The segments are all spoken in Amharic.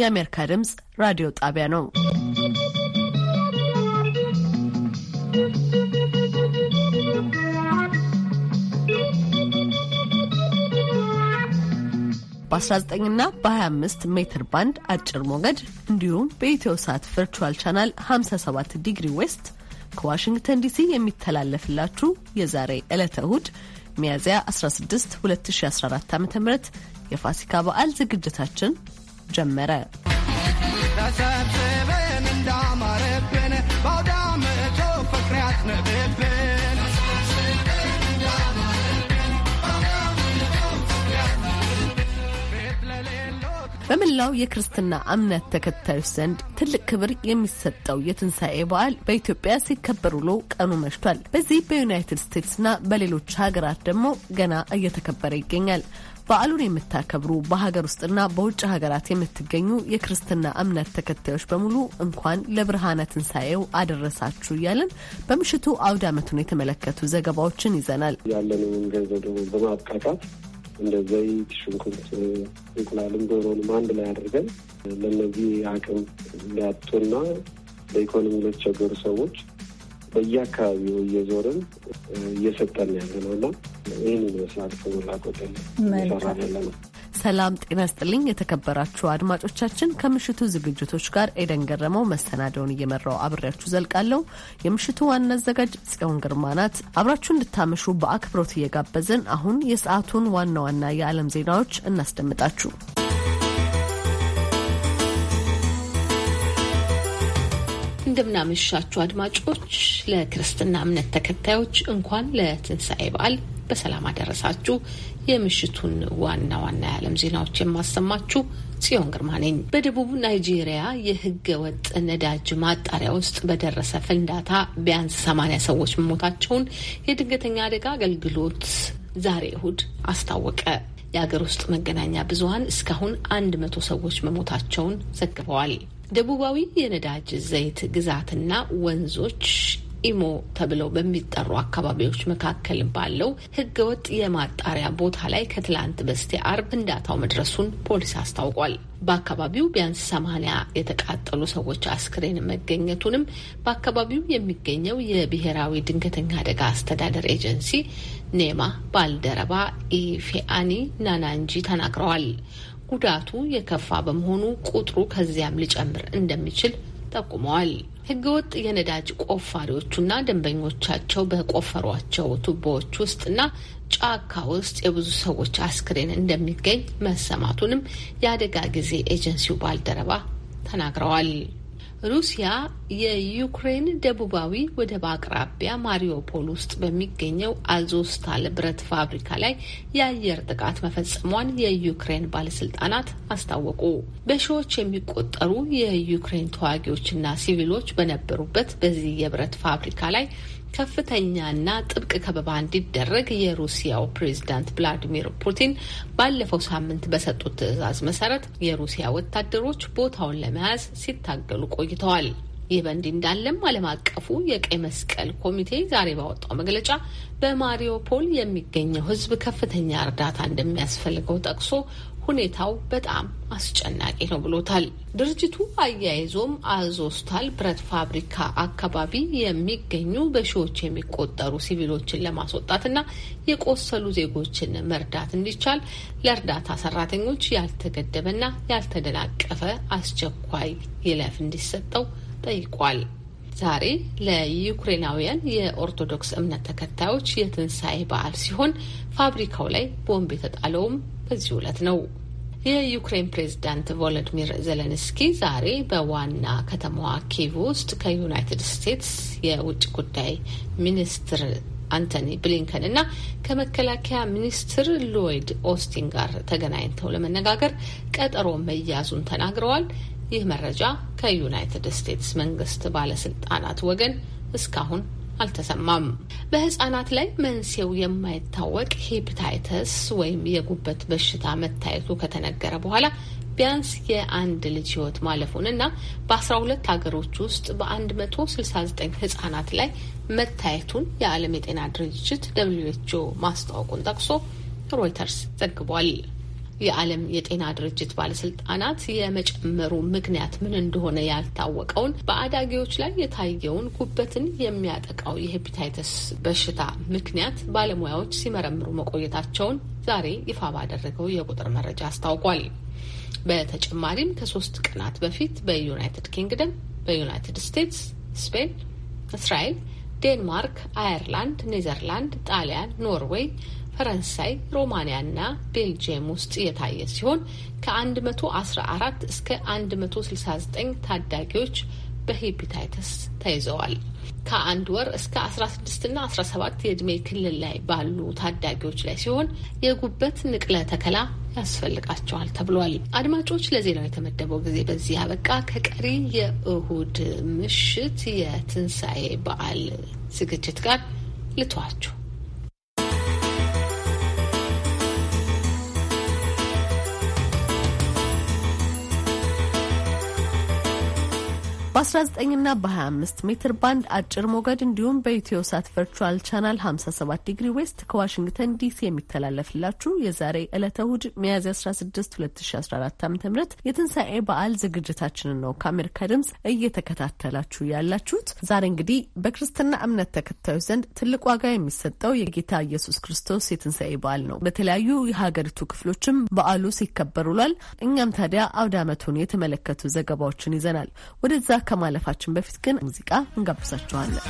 የአሜሪካ ድምፅ ራዲዮ ጣቢያ ነው። በ19 እና በ25 ሜትር ባንድ አጭር ሞገድ እንዲሁም በኢትዮ ሳት ቨርቹዋል ቻናል 57 ዲግሪ ዌስት ከዋሽንግተን ዲሲ የሚተላለፍላችሁ የዛሬ ዕለተ እሁድ ሚያዝያ 16 2014 ዓ ም የፋሲካ በዓል ዝግጅታችን ጀመረ። ተሰብስበን በመላው የክርስትና እምነት ተከታዮች ዘንድ ትልቅ ክብር የሚሰጠው የትንሣኤ በዓል በኢትዮጵያ ሲከበር ውሎ ቀኑ መሽቷል። በዚህ በዩናይትድ ስቴትስና በሌሎች ሀገራት ደግሞ ገና እየተከበረ ይገኛል። በዓሉን የምታከብሩ በሀገር ውስጥና በውጭ ሀገራት የምትገኙ የክርስትና እምነት ተከታዮች በሙሉ እንኳን ለብርሃነ ትንሣኤው አደረሳችሁ እያለን በምሽቱ አውድ ዓመቱን የተመለከቱ ዘገባዎችን ይዘናል። ያለንን ገንዘብ ደግሞ በማብቃቃት እንደ ዘይት፣ ሽንኩርት፣ እንቁላልም ዶሮንም አንድ ላይ አድርገን ለእነዚህ አቅም ሊያጡና በኢኮኖሚ ለተቸገሩ ሰዎች በየአካባቢው እየዞርን እየሰጠን ያለ ነው እና ይህን ይመስላል ላቆጠ ሰራ ያለ ነው። ሰላም ጤና ስጥልኝ። የተከበራችሁ አድማጮቻችን ከምሽቱ ዝግጅቶች ጋር ኤደን ገረመው መሰናደውን እየመራው አብሬያችሁ ዘልቃለሁ። የምሽቱ ዋና አዘጋጅ ጽዮን ግርማ ናት። አብራችሁ እንድታመሹ በአክብሮት እየጋበዝን አሁን የሰዓቱን ዋና ዋና የዓለም ዜናዎች እናስደምጣችሁ። እንደምናመሻችሁ አድማጮች፣ ለክርስትና እምነት ተከታዮች እንኳን ለትንሣኤ በዓል በሰላም አደረሳችሁ። የምሽቱን ዋና ዋና የዓለም ዜናዎች የማሰማችሁ ጽዮን ግርማ ነኝ። በደቡብ ናይጄሪያ የህገ ወጥ ነዳጅ ማጣሪያ ውስጥ በደረሰ ፍንዳታ ቢያንስ ሰማንያ ሰዎች መሞታቸውን የድንገተኛ አደጋ አገልግሎት ዛሬ እሁድ አስታወቀ። የአገር ውስጥ መገናኛ ብዙኃን እስካሁን አንድ መቶ ሰዎች መሞታቸውን ዘግበዋል። ደቡባዊ የነዳጅ ዘይት ግዛትና ወንዞች ኢሞ ተብለው በሚጠሩ አካባቢዎች መካከል ባለው ህገወጥ የማጣሪያ ቦታ ላይ ከትላንት በስቲያ አርብ ፍንዳታው መድረሱን ፖሊስ አስታውቋል። በአካባቢው ቢያንስ ሰማኒያ የተቃጠሉ ሰዎች አስክሬን መገኘቱንም በአካባቢው የሚገኘው የብሔራዊ ድንገተኛ አደጋ አስተዳደር ኤጀንሲ ኔማ ባልደረባ ኢፌአኒ ናናንጂ ተናግረዋል። ጉዳቱ የከፋ በመሆኑ ቁጥሩ ከዚያም ሊጨምር እንደሚችል ጠቁመዋል። ህገወጥ የነዳጅ ቆፋሪዎቹና ደንበኞቻቸው በቆፈሯቸው ቱቦዎች ውስጥና ጫካ ውስጥ የብዙ ሰዎች አስክሬን እንደሚገኝ መሰማቱንም የአደጋ ጊዜ ኤጀንሲው ባልደረባ ተናግረዋል። ሩሲያ የዩክሬን ደቡባዊ ወደብ አቅራቢያ ማሪዮፖል ውስጥ በሚገኘው አዞስታል ብረት ፋብሪካ ላይ የአየር ጥቃት መፈጸሟን የዩክሬን ባለስልጣናት አስታወቁ። በሺዎች የሚቆጠሩ የዩክሬን ተዋጊዎችና ሲቪሎች በነበሩበት በዚህ የብረት ፋብሪካ ላይ ከፍተኛና ጥብቅ ከበባ እንዲደረግ የሩሲያው ፕሬዝዳንት ቭላዲሚር ፑቲን ባለፈው ሳምንት በሰጡት ትዕዛዝ መሰረት የሩሲያ ወታደሮች ቦታውን ለመያዝ ሲታገሉ ቆይተዋል። ይህ በእንዲህ እንዳለም ዓለም አቀፉ የቀይ መስቀል ኮሚቴ ዛሬ ባወጣው መግለጫ በማሪዮፖል የሚገኘው ሕዝብ ከፍተኛ እርዳታ እንደሚያስፈልገው ጠቅሶ ሁኔታው በጣም አስጨናቂ ነው ብሎታል። ድርጅቱ አያይዞም አዞስታል ብረት ፋብሪካ አካባቢ የሚገኙ በሺዎች የሚቆጠሩ ሲቪሎችን ለማስወጣትና የቆሰሉ ዜጎችን መርዳት እንዲቻል ለእርዳታ ሰራተኞች ያልተገደበና ያልተደናቀፈ አስቸኳይ ይለፍ እንዲሰጠው ጠይቋል። ዛሬ ለዩክሬናውያን የኦርቶዶክስ እምነት ተከታዮች የትንሣኤ በዓል ሲሆን ፋብሪካው ላይ ቦምብ የተጣለውም በዚህ ዕለት ነው። የዩክሬን ፕሬዝዳንት ቮሎዲሚር ዜሌንስኪ ዛሬ በዋና ከተማዋ ኪቭ ውስጥ ከዩናይትድ ስቴትስ የውጭ ጉዳይ ሚኒስትር አንቶኒ ብሊንከን እና ከመከላከያ ሚኒስትር ሎይድ ኦስቲን ጋር ተገናኝተው ለመነጋገር ቀጠሮ መያዙን ተናግረዋል። ይህ መረጃ ከዩናይትድ ስቴትስ መንግስት ባለስልጣናት ወገን እስካሁን አልተሰማም። በህጻናት ላይ መንስኤው የማይታወቅ ሄፕታይተስ ወይም የጉበት በሽታ መታየቱ ከተነገረ በኋላ ቢያንስ የአንድ ልጅ ህይወት ማለፉን እና በ12 ሀገሮች ውስጥ በ169 ህጻናት ላይ መታየቱን የዓለም የጤና ድርጅት ደብሊው ኤች ኦ ማስታወቁን ጠቅሶ ሮይተርስ ዘግቧል። የዓለም የጤና ድርጅት ባለስልጣናት የመጨመሩ ምክንያት ምን እንደሆነ ያልታወቀውን በአዳጊዎች ላይ የታየውን ጉበትን የሚያጠቃው የሄፒታይተስ በሽታ ምክንያት ባለሙያዎች ሲመረምሩ መቆየታቸውን ዛሬ ይፋ ባደረገው የቁጥር መረጃ አስታውቋል። በተጨማሪም ከሶስት ቀናት በፊት በዩናይትድ ኪንግደም፣ በዩናይትድ ስቴትስ፣ ስፔን፣ እስራኤል ዴንማርክ፣ አየርላንድ፣ ኔዘርላንድ፣ ጣሊያን፣ ኖርዌይ፣ ፈረንሳይ፣ እና ቤልጅየም ውስጥ የታየ ሲሆን ከ114 እስከ 169 ታዳጊዎች በሄፒታይተስ ተይዘዋል። ከአንድ ወር እስከ 16ና 17 የዕድሜ ክልል ላይ ባሉ ታዳጊዎች ላይ ሲሆን የጉበት ንቅለ ተከላ ያስፈልጋቸዋል ተብሏል። አድማጮች፣ ለዜናው የተመደበው ጊዜ በዚህ አበቃ። ከቀሪ የእሁድ ምሽት የትንሣኤ በዓል ዝግጅት ጋር ልተዋችሁ። በ19ና በ25 ሜትር ባንድ አጭር ሞገድ እንዲሁም በኢትዮ ሳት ቨርቹዋል ቻናል 57 ዲግሪ ዌስት ከዋሽንግተን ዲሲ የሚተላለፍላችሁ የዛሬ ዕለተ እሁድ ሚያዝያ 16 2014 ዓ ም የትንሣኤ በዓል ዝግጅታችንን ነው ከአሜሪካ ድምፅ እየተከታተላችሁ ያላችሁት። ዛሬ እንግዲህ በክርስትና እምነት ተከታዮች ዘንድ ትልቅ ዋጋ የሚሰጠው የጌታ ኢየሱስ ክርስቶስ የትንሣኤ በዓል ነው። በተለያዩ የሀገሪቱ ክፍሎችም በዓሉ ሲከበር ውሏል። እኛም ታዲያ አውደ ዓመቱን የተመለከቱ ዘገባዎችን ይዘናል ወደዛ ከማለፋችን በፊት ግን ሙዚቃ እንጋብዛችኋለን።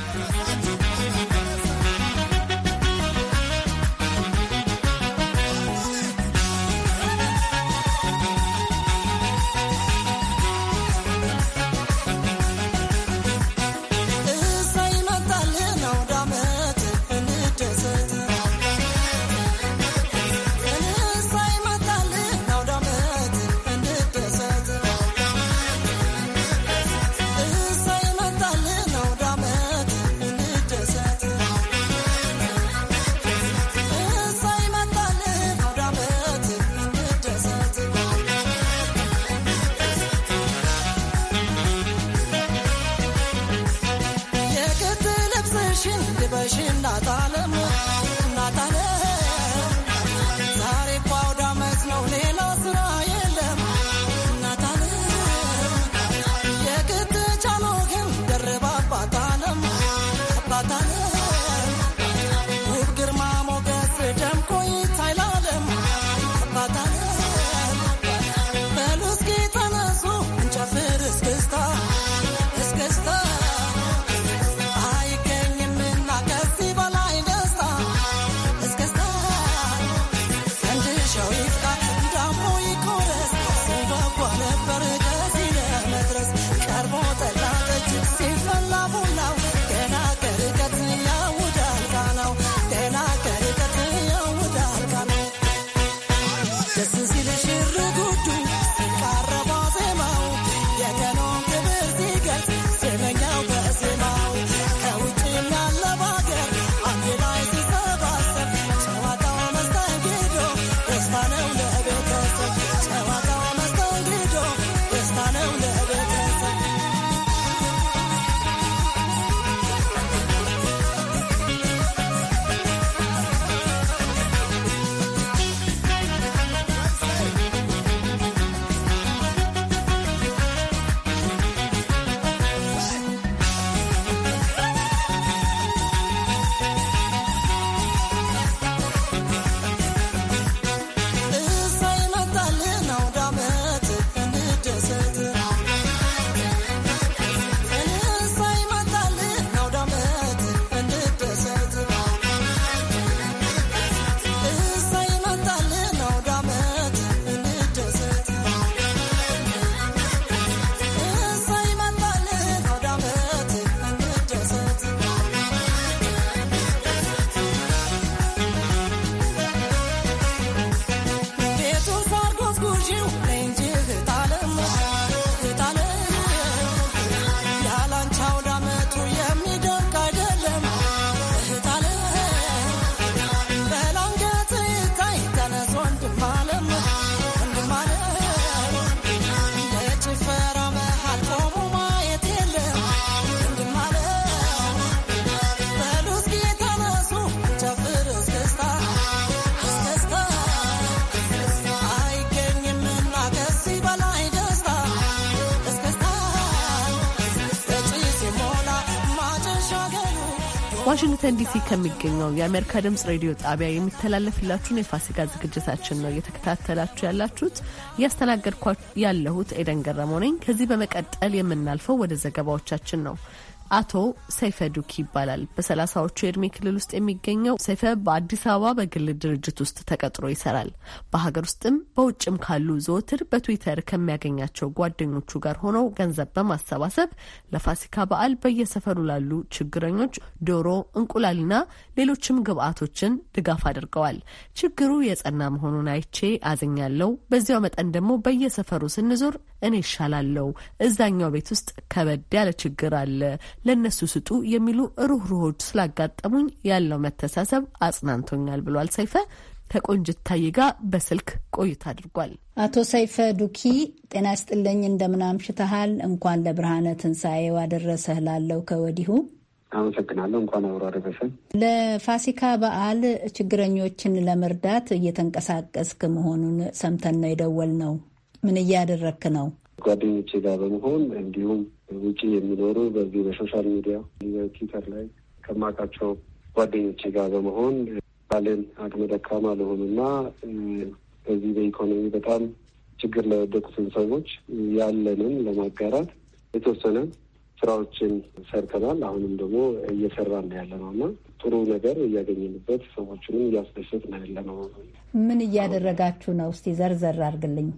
ዋሽንግተን ዲሲ ከሚገኘው የአሜሪካ ድምጽ ሬዲዮ ጣቢያ የሚተላለፍላችሁን የፋሲካ ዝግጅታችን ነው እየተከታተላችሁ ያላችሁት። እያስተናገድኳ ያለሁት ኤደን ገረመው ነኝ። ከዚህ በመቀጠል የምናልፈው ወደ ዘገባዎቻችን ነው። አቶ ሰይፈ ዱክ ይባላል። በሰላሳዎቹ የእድሜ ክልል ውስጥ የሚገኘው ሰይፈ በአዲስ አበባ በግል ድርጅት ውስጥ ተቀጥሮ ይሰራል። በሀገር ውስጥም በውጭም ካሉ ዘወትር በትዊተር ከሚያገኛቸው ጓደኞቹ ጋር ሆነው ገንዘብ በማሰባሰብ ለፋሲካ በዓል በየሰፈሩ ላሉ ችግረኞች ዶሮ፣ እንቁላልና ሌሎችም ግብዓቶችን ድጋፍ አድርገዋል። ችግሩ የጸና መሆኑን አይቼ አዝኛለሁ። በዚያው መጠን ደግሞ በየሰፈሩ ስንዞር እኔ ይሻላለው እዛኛው ቤት ውስጥ ከበድ ያለ ችግር አለ ለእነሱ ስጡ የሚሉ ሩህሩሆች ስላጋጠሙኝ ያለው መተሳሰብ አጽናንቶኛል ብሏል ሰይፈ። ከቆንጅት ታዬ ጋር በስልክ ቆይታ አድርጓል። አቶ ሰይፈ ዱኪ ጤና ይስጥልኝ፣ እንደምን አምሽተሃል? እንኳን ለብርሃነ ትንሣኤው አደረሰህ ላለው ከወዲሁ አመሰግናለሁ። እንኳን አብሮ አደረሰን። ለፋሲካ በዓል ችግረኞችን ለመርዳት እየተንቀሳቀስክ መሆኑን ሰምተን ነው የደወል ነው። ምን እያደረክ ነው? ጓደኞቼ ጋር በመሆን እንዲሁም ውጪ የሚኖሩ በዚህ በሶሻል ሚዲያ በትዊተር ላይ ከማውቃቸው ጓደኞች ጋር በመሆን ባለን አቅመ ደካማ ለሆኑና በዚህ በኢኮኖሚ በጣም ችግር ለወደቁትን ሰዎች ያለንን ለማጋራት የተወሰነ ስራዎችን ሰርተናል። አሁንም ደግሞ እየሰራን ነው ያለ ነው እና ጥሩ ነገር እያገኘንበት ሰዎችንም እያስደሰት ነው ያለ ነው። ምን እያደረጋችሁ ነው? እስቲ ዘርዘር አድርግልኝ።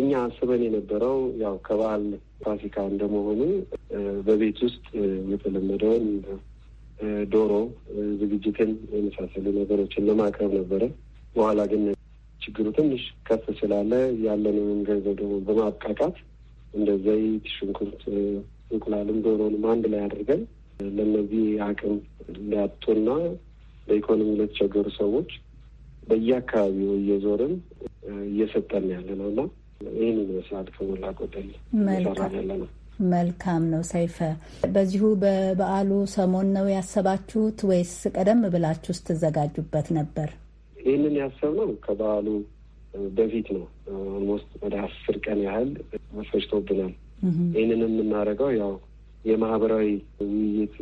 እኛ አስበን የነበረው ያው ከበዓል ፋሲካ እንደመሆኑ በቤት ውስጥ የተለመደውን ዶሮ ዝግጅትን የመሳሰሉ ነገሮችን ለማቅረብ ነበረ። በኋላ ግን ችግሩ ትንሽ ከፍ ስላለ ያለንን ገንዘብ ደግሞ በማብቃቃት እንደ ዘይት፣ ሽንኩርት፣ እንቁላልም ዶሮንም አንድ ላይ አድርገን ለእነዚህ አቅም ሊያጡና በኢኮኖሚ ለተቸገሩ ሰዎች በየአካባቢው እየዞርን እየሰጠን ያለ ነው እና ይህን ይመስላል ከሞላ ጎደል እየሰራን ያለ ነው። መልካም ነው። ሰይፈ፣ በዚሁ በበዓሉ ሰሞን ነው ያሰባችሁት ወይስ ቀደም ብላችሁ ስትዘጋጁበት ነበር? ይህንን ያሰብነው ከበዓሉ በፊት ነው። ኦልሞስት ወደ አስር ቀን ያህል ፈጅቶብናል። ይህንን የምናደርገው ያው የማህበራዊ ውይይት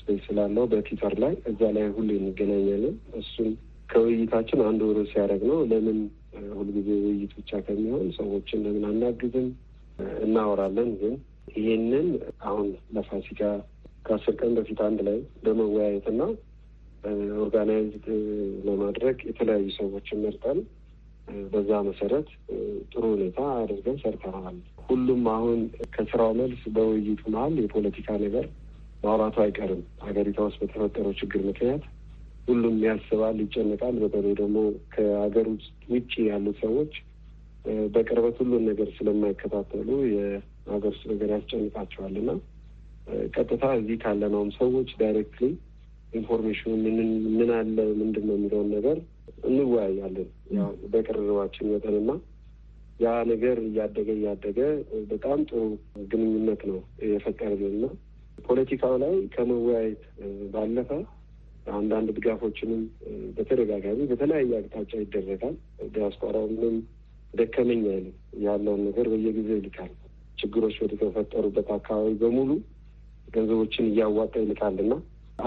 ስፔስ ስላለው በትዊተር ላይ እዛ ላይ ሁሉ እንገናኛለን። እሱን ከውይይታችን አንዱ ርዕስ ያደረግነው ለምን ሁልጊዜ ውይይት ብቻ ከሚሆን ሰዎችን ለምን አናግዝም? እናወራለን። ግን ይሄንን አሁን ለፋሲካ ከአስር ቀን በፊት አንድ ላይ በመወያየትና ኦርጋናይዝድ ለማድረግ የተለያዩ ሰዎችን መርጠን በዛ መሰረት ጥሩ ሁኔታ አድርገን ሰርተናል። ሁሉም አሁን ከስራው መልስ በውይይቱ መሀል የፖለቲካ ነገር ማውራቱ አይቀርም። ሀገሪቷ ውስጥ በተፈጠረው ችግር ምክንያት ሁሉም ያስባል፣ ይጨነቃል። በተለይ ደግሞ ከሀገር ውስጥ ውጭ ያሉ ሰዎች በቅርበት ሁሉን ነገር ስለማይከታተሉ የሀገር ውስጥ ነገር ያስጨንቃቸዋል እና ቀጥታ እዚህ ካለነውም ሰዎች ዳይሬክትሊ ኢንፎርሜሽኑ ምን አለ ምንድን ነው የሚለውን ነገር እንወያያለን በቅርርባችን መጠንና ያ ነገር እያደገ እያደገ በጣም ጥሩ ግንኙነት ነው የፈጠረልን እና ፖለቲካው ላይ ከመወያየት ባለፈ አንዳንድ ድጋፎችንም በተደጋጋሚ በተለያየ አቅጣጫ ይደረጋል። ዲያስፖራውንም ደከመኝ አይልም። ያለውን ነገር በየጊዜው ይልካል። ችግሮች በተፈጠሩበት አካባቢ በሙሉ ገንዘቦችን እያዋጣ ይልካልና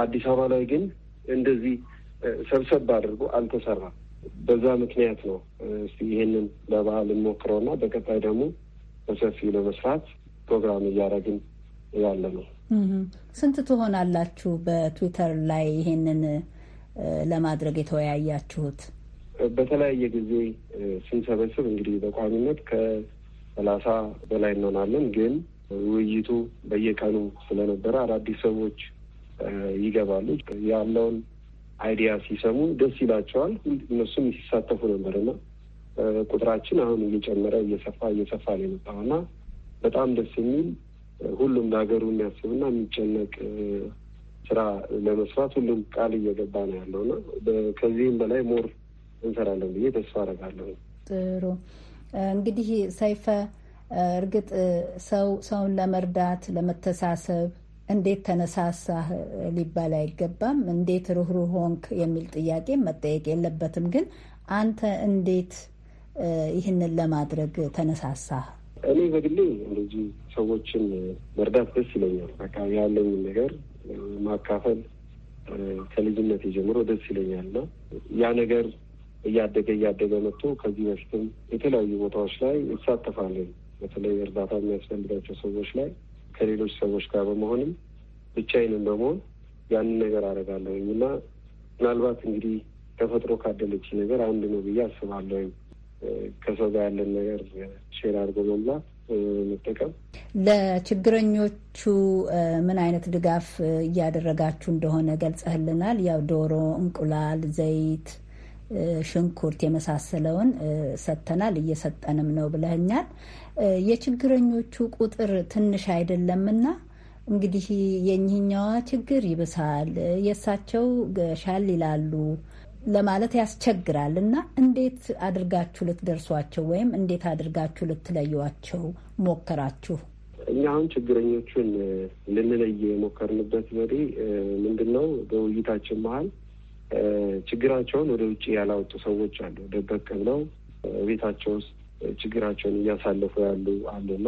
አዲስ አበባ ላይ ግን እንደዚህ ሰብሰብ አድርጎ አልተሰራም። በዛ ምክንያት ነው እስቲ ይህንን ለባህል እንሞክረውና በቀጣይ ደግሞ በሰፊው ለመስራት ፕሮግራም እያደረግን ያለ ነው። ስንት ትሆናላችሁ? በትዊተር ላይ ይሄንን ለማድረግ የተወያያችሁት? በተለያየ ጊዜ ስንሰበስብ እንግዲህ በቋሚነት ከሰላሳ በላይ እንሆናለን። ግን ውይይቱ በየቀኑ ስለነበረ አዳዲስ ሰዎች ይገባሉ። ያለውን አይዲያ ሲሰሙ ደስ ይላቸዋል። እነሱም ሲሳተፉ ነበር እና ቁጥራችን አሁን እየጨመረ እየሰፋ እየሰፋ ነው የመጣው እና በጣም ደስ የሚል ሁሉም ለሀገሩ የሚያስብና የሚጨነቅ ስራ ለመስራት ሁሉም ቃል እየገባ ነው ያለውና ከዚህም በላይ ሞር እንሰራለን ብዬ ተስፋ አደርጋለሁ። ጥሩ እንግዲህ ሰይፈ፣ እርግጥ ሰው ሰውን ለመርዳት ለመተሳሰብ እንዴት ተነሳሳህ ሊባል አይገባም። እንዴት ሩህሩህ ሆንክ የሚል ጥያቄ መጠየቅ የለበትም። ግን አንተ እንዴት ይህንን ለማድረግ ተነሳሳህ? እኔ በግሌ እንደዚህ ሰዎችን መርዳት ደስ ይለኛል። በቃ ያለኝን ነገር ማካፈል ከልጅነት ጀምሮ ደስ ይለኛል እና ያ ነገር እያደገ እያደገ መጥቶ ከዚህ በፊትም የተለያዩ ቦታዎች ላይ እሳተፋለን። በተለይ እርዳታ የሚያስፈልጋቸው ሰዎች ላይ ከሌሎች ሰዎች ጋር በመሆንም ብቻዬንም በመሆን ያንን ነገር አደርጋለሁኝ እና ምናልባት እንግዲህ ተፈጥሮ ካደለች ነገር አንድ ነው ብዬ አስባለሁኝ። ከሰው ጋር ያለን ነገር ሼር አድርጎ መብላት መጠቀም። ለችግረኞቹ ምን አይነት ድጋፍ እያደረጋችሁ እንደሆነ ገልጸህልናል። ያው ዶሮ፣ እንቁላል፣ ዘይት፣ ሽንኩርት የመሳሰለውን ሰጥተናል እየሰጠንም ነው ብለህኛል። የችግረኞቹ ቁጥር ትንሽ አይደለምና እንግዲህ የኚህኛዋ ችግር ይብሳል፣ የእሳቸው ገሻል ይላሉ ለማለት ያስቸግራል እና እንዴት አድርጋችሁ ልትደርሷቸው ወይም እንዴት አድርጋችሁ ልትለዩዋቸው ሞከራችሁ? እኛ አሁን ችግረኞቹን ልንለይ የሞከርንበት መሪ ምንድን ነው? በውይይታችን መሀል ችግራቸውን ወደ ውጭ ያላወጡ ሰዎች አሉ። ደበቅ ብለው ቤታቸው ውስጥ ችግራቸውን እያሳለፉ ያሉ አሉና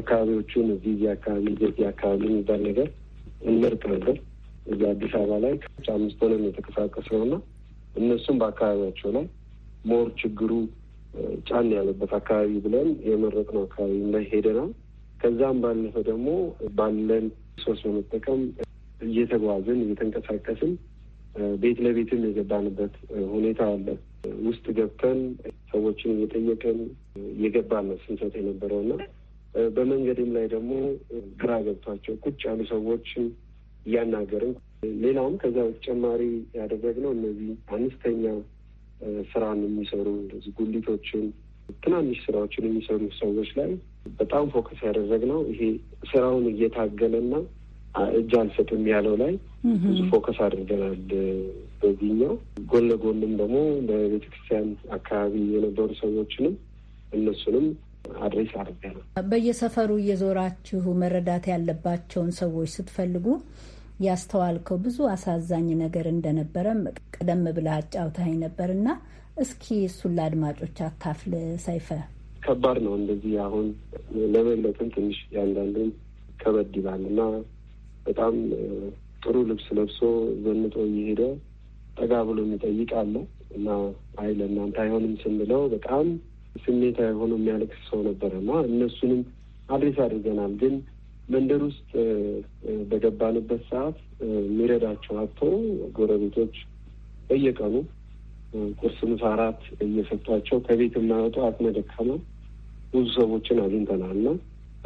አካባቢዎቹን እዚህ እዚህ አካባቢ እዚህ አካባቢ የሚባል ነገር እንመርጥ ነበር። እዚህ አዲስ አበባ ላይ አምስት ሆነን የተንቀሳቀስነው እና እነሱም በአካባቢያቸው ላይ ሞር ችግሩ ጫን ያለበት አካባቢ ብለን የመረጥነው አካባቢ ላይ ሄደናል። ከዛም ባለፈ ደግሞ ባለን ሶስት በመጠቀም እየተጓዝን እየተንቀሳቀስን ቤት ለቤትም የገባንበት ሁኔታ አለ። ውስጥ ገብተን ሰዎችን እየጠየቀን እየገባን ነው ስንሰጥ የነበረውና በመንገድም ላይ ደግሞ ግራ ገብቷቸው ቁጭ ያሉ ሰዎችን እያናገርን ሌላውም ከዛ በተጨማሪ ያደረግነው እነዚህ አነስተኛ ስራን የሚሰሩ ጉሊቶችን፣ ትናንሽ ስራዎችን የሚሰሩ ሰዎች ላይ በጣም ፎከስ ያደረግነው ይሄ ስራውን እየታገለና እጅ አልሰጥም ያለው ላይ ብዙ ፎከስ አድርገናል። በዚህኛው ጎን ለጎንም ደግሞ በቤተክርስቲያን አካባቢ የነበሩ ሰዎችንም እነሱንም አድሬስ አድርገናል። በየሰፈሩ እየዞራችሁ መረዳት ያለባቸውን ሰዎች ስትፈልጉ ያስተዋልከው ብዙ አሳዛኝ ነገር እንደነበረም ቀደም ብለህ አጫውተኸኝ ነበርና እስኪ እሱን ለአድማጮች አካፍል ሰይፈ። ከባድ ነው እንደዚህ አሁን ለመግለጥም ትንሽ ያንዳንዱን ከበድ ይላል እና በጣም ጥሩ ልብስ ለብሶ ዘንጦ እየሄደ ጠጋ ብሎ የሚጠይቅ አለ እና አይ ለእናንተ አይሆንም ስንለው በጣም ስሜታዊ ሆኖ የሚያለቅስ ሰው ነበረ እና እነሱንም አድሬስ አድርገናል ግን መንደር ውስጥ በገባንበት ሰዓት የሚረዳቸው አቶ ጎረቤቶች በየቀኑ ቁርስ፣ ምሳ፣ እራት እየሰጧቸው ከቤት የማይወጡ አቅመ ደካማ ብዙ ሰዎችን አግኝተናል እና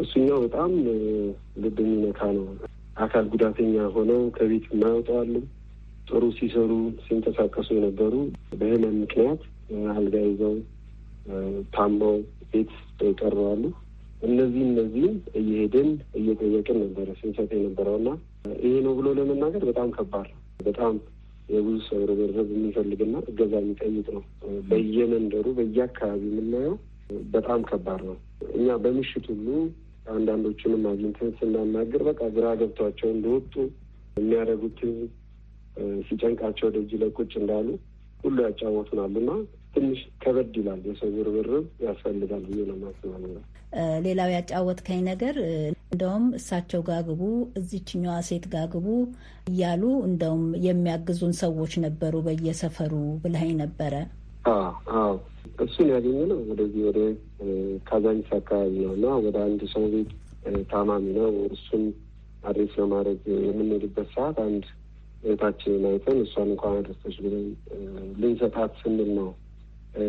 እሱኛው በጣም ልብ የሚነካ ነው። አካል ጉዳተኛ ሆነው ከቤት የማይወጡ አሉ። ጥሩ ሲሰሩ ሲንቀሳቀሱ የነበሩ በህመም ምክንያት አልጋ ይዘው ታመው ቤት አሉ። እነዚህ እነዚህ እየሄድን እየጠየቅን ነበረ ስንሰት የነበረውና ይሄ ነው ብሎ ለመናገር በጣም ከባድ ነው። በጣም የብዙ ሰው ርብርብ የሚፈልግና እገዛ የሚጠይቅ ነው። በየመንደሩ በየአካባቢ የምናየው በጣም ከባድ ነው። እኛ በምሽት ሁሉ አንዳንዶቹንም አግኝተን ስናናገር በቃ ግራ ገብቷቸው እንደወጡ የሚያደርጉትን ሲጨንቃቸው ደጅ ላይ እንዳሉ ሁሉ ያጫወቱናል እና ትንሽ ከበድ ይላል። የሰው ርብርብ ያስፈልጋል ብዬ ነው የማስበው። ሌላው ያጫወትከኝ ነገር እንደውም እሳቸው ጋግቡ እዚችኛዋ ሴት ጋግቡ እያሉ እንደውም የሚያግዙን ሰዎች ነበሩ በየሰፈሩ ብለኸኝ ነበረ። እሱን ነው ወደዚህ ወደ ካዛንቺስ አካባቢ ነው እና ወደ አንድ ሰው ቤት ታማሚ ነው። እሱን አድሬስ ለማድረግ የምንሄድበት ሰዓት አንድ እህታችንን አይተን እሷን እንኳን አደረሰች ብለን ልንሰጣት ስንል ነው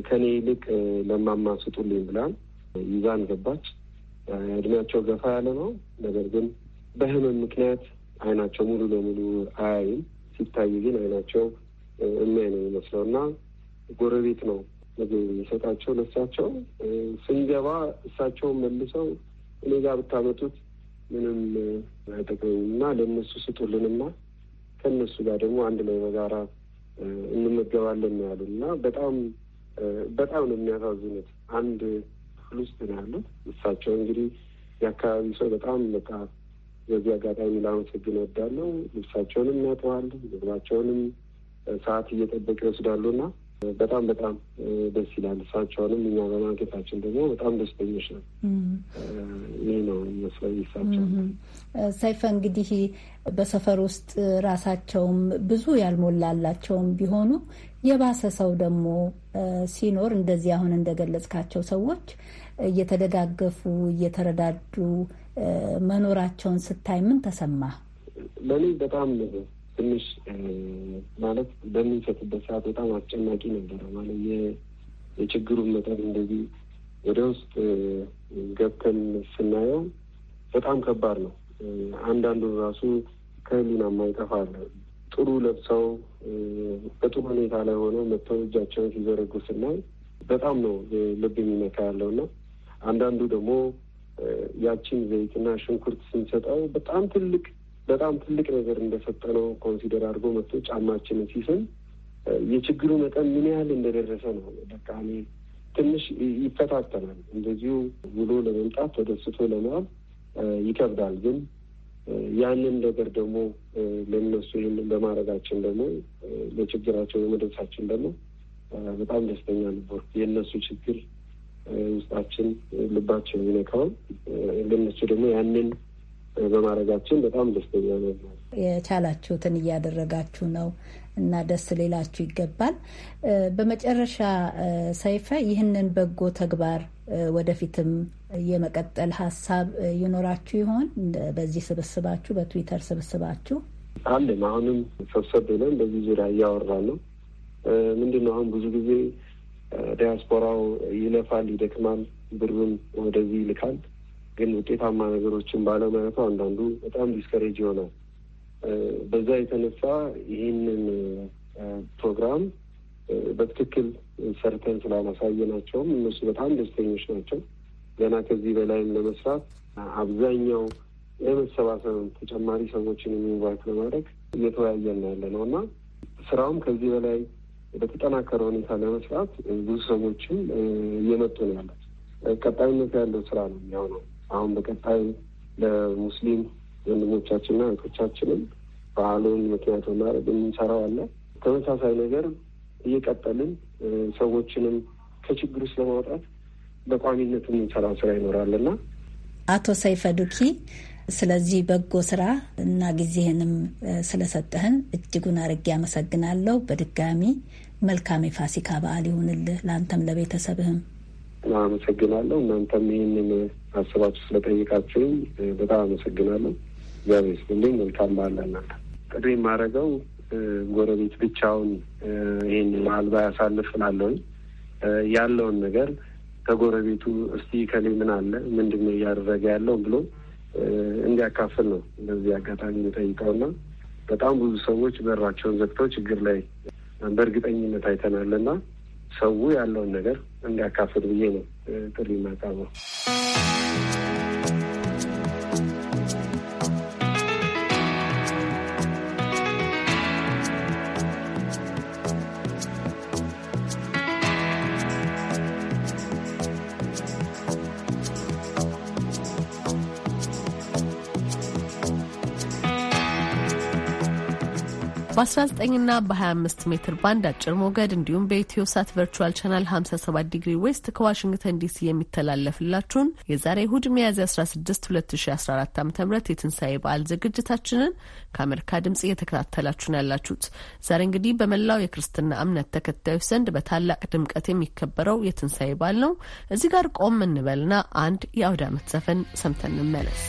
ከኔ ይልቅ ለማማ ስጡልኝ ብላል ይዛን ገባች። እድሜያቸው ገፋ ያለ ነው። ነገር ግን በህመም ምክንያት አይናቸው ሙሉ ለሙሉ አያይም። ሲታይ ግን አይናቸው የሚያይ ነው ይመስለው እና ጎረቤት ነው ምግብ የሰጣቸው ለሳቸው ስንገባ እሳቸውን መልሰው እኔ ጋር ብታመጡት ምንም አይጠቅምም እና ለእነሱ ስጡልንና ከእነሱ ጋር ደግሞ አንድ ላይ በጋራ እንመገባለን ያሉ እና በጣም በጣም ነው የሚያሳዝኑት አንድ ክፍል ውስጥ ነው ያሉት። እሳቸው እንግዲህ የአካባቢ ሰው በጣም በቃ በዚህ አጋጣሚ ላመሰግን ወዳለው ልብሳቸውንም ያጠዋል፣ ምግባቸውንም ሰዓት ይወስዳሉ እና በጣም በጣም ደስ ይላል። እሳቸውንም እኛ በማግኘታችን ደግሞ በጣም ደስተኞች ነው። ይህ ነው ይመስለኝ። እሳቸው ሰይፈ እንግዲህ በሰፈር ውስጥ ራሳቸውም ብዙ ያልሞላላቸውም ቢሆኑ የባሰ ሰው ደግሞ ሲኖር እንደዚህ አሁን እንደገለጽካቸው ሰዎች እየተደጋገፉ እየተረዳዱ መኖራቸውን ስታይ ምን ተሰማ? ለእኔ በጣም ትንሽ ማለት በሚፈቱበት ሰዓት በጣም አስጨናቂ ነበረ። ማለት የችግሩን መጠን እንደዚህ ወደ ውስጥ ገብተን ስናየው በጣም ከባድ ነው። አንዳንዱ ራሱ ከህሊና የማይጠፋ ጥሩ ለብሰው በጥሩ ሁኔታ ላይ ሆነው መጥተው እጃቸውን ሲዘረጉ ስናይ በጣም ነው ልብ የሚነካ ያለው እና አንዳንዱ ደግሞ ያቺን ዘይትና ሽንኩርት ስንሰጠው በጣም ትልቅ በጣም ትልቅ ነገር እንደሰጠነው ኮንሲደር አድርጎ መጥቶ ጫማችንን ሲስም የችግሩ መጠን ምን ያህል እንደደረሰ ነው። በቃ እኔ ትንሽ ይፈታተናል። እንደዚሁ ውሎ ለመምጣት ተደስቶ ለመዋል ይከብዳል። ግን ያንን ነገር ደግሞ ለእነሱ ይህንን በማድረጋችን ደግሞ ለችግራቸው በመድረሳችን ደግሞ በጣም ደስተኛ ነበር። የእነሱ ችግር ውስጣችን ልባቸው ይነካውን ለእነሱ ደግሞ ያንን በማድረጋችን በጣም ደስተኛ ነበር። የቻላችሁትን እያደረጋችሁ ነው እና ደስ ሌላችሁ ይገባል። በመጨረሻ ሰይፈ ይህንን በጎ ተግባር ወደፊትም የመቀጠል ሀሳብ ይኖራችሁ ይሆን? በዚህ ስብስባችሁ፣ በትዊተር ስብስባችሁ አለን። አሁንም ሰብሰብ ብለን በዚህ ዙሪያ እያወራ። ነው። ምንድን ነው አሁን ብዙ ጊዜ ዲያስፖራው ይለፋል፣ ይደክማል፣ ብሩን ወደዚህ ይልካል። ግን ውጤታማ ነገሮችን ባለማየቱ አንዳንዱ በጣም ዲስከሬጅ ይሆናል። በዛ የተነሳ ይህንን ፕሮግራም በትክክል ሰርተን ስላላሳየናቸውም እነሱ በጣም ደስተኞች ናቸው። ገና ከዚህ በላይም ለመስራት አብዛኛው ለመሰባሰብ ተጨማሪ ሰዎችን የሚንቫይት ለማድረግ እየተወያየን ያለ ነው እና ስራውም ከዚህ በላይ በተጠናከረ ሁኔታ ለመስራት ብዙ ሰዎችም እየመጡ ነው ያለት። ቀጣይነት ያለው ስራ ነው ነው። አሁን በቀጣይ ለሙስሊም ወንድሞቻችንና እህቶቻችንም ባህሉን ምክንያት በማድረግ የምንሰራው አለ። ተመሳሳይ ነገር እየቀጠልን ሰዎችንም ከችግር ውስጥ ለማውጣት በቋሚነት የምንሰራ ስራ ይኖራል አቶ ሰይፈ ዱኪ ስለዚህ በጎ ስራ እና ጊዜህንም ስለሰጠህን እጅጉን አርጌ አመሰግናለሁ። በድጋሚ መልካም የፋሲካ በዓል ይሁንልህ ለአንተም ለቤተሰብህም አመሰግናለሁ። እናንተም ይህንን አስባችሁ ስለጠይቃችሁኝ በጣም አመሰግናለሁ። እግዚአብሔር ይስጥልኝ። መልካም በዓል ለእናንተ። ጥሪ የማደርገው ጎረቤት ብቻውን ይህን ማልባ ያሳልፍ ያለውን ነገር ከጎረቤቱ እስቲ ከሌ ምን አለ ምንድን ነው እያደረገ ያለው ብሎ እንዲያካፍል ነው በዚህ አጋጣሚ የሚጠይቀውና በጣም ብዙ ሰዎች በራቸውን ዘግተው ችግር ላይ በእርግጠኝነት አይተናልና ሰው ያለውን ነገር እንዲያካፍል ብዬ ነው ጥሪ ማቀርበው። በ19ና በ25 ሜትር ባንድ አጭር ሞገድ እንዲሁም በኢትዮ ሳት ቨርቹዋል ቻናል 57 ዲግሪ ዌስት ከዋሽንግተን ዲሲ የሚተላለፍላችሁን የዛሬ እሁድ ሚያዝያ 16 2014 ዓ ም የትንሣኤ በዓል ዝግጅታችንን ከአሜሪካ ድምጽ እየተከታተላችሁን ያላችሁት። ዛሬ እንግዲህ በመላው የክርስትና እምነት ተከታዮች ዘንድ በታላቅ ድምቀት የሚከበረው የትንሣኤ በዓል ነው። እዚህ ጋር ቆም እንበልና አንድ የአውድ ዓመት ዘፈን ሰምተን እንመለስ።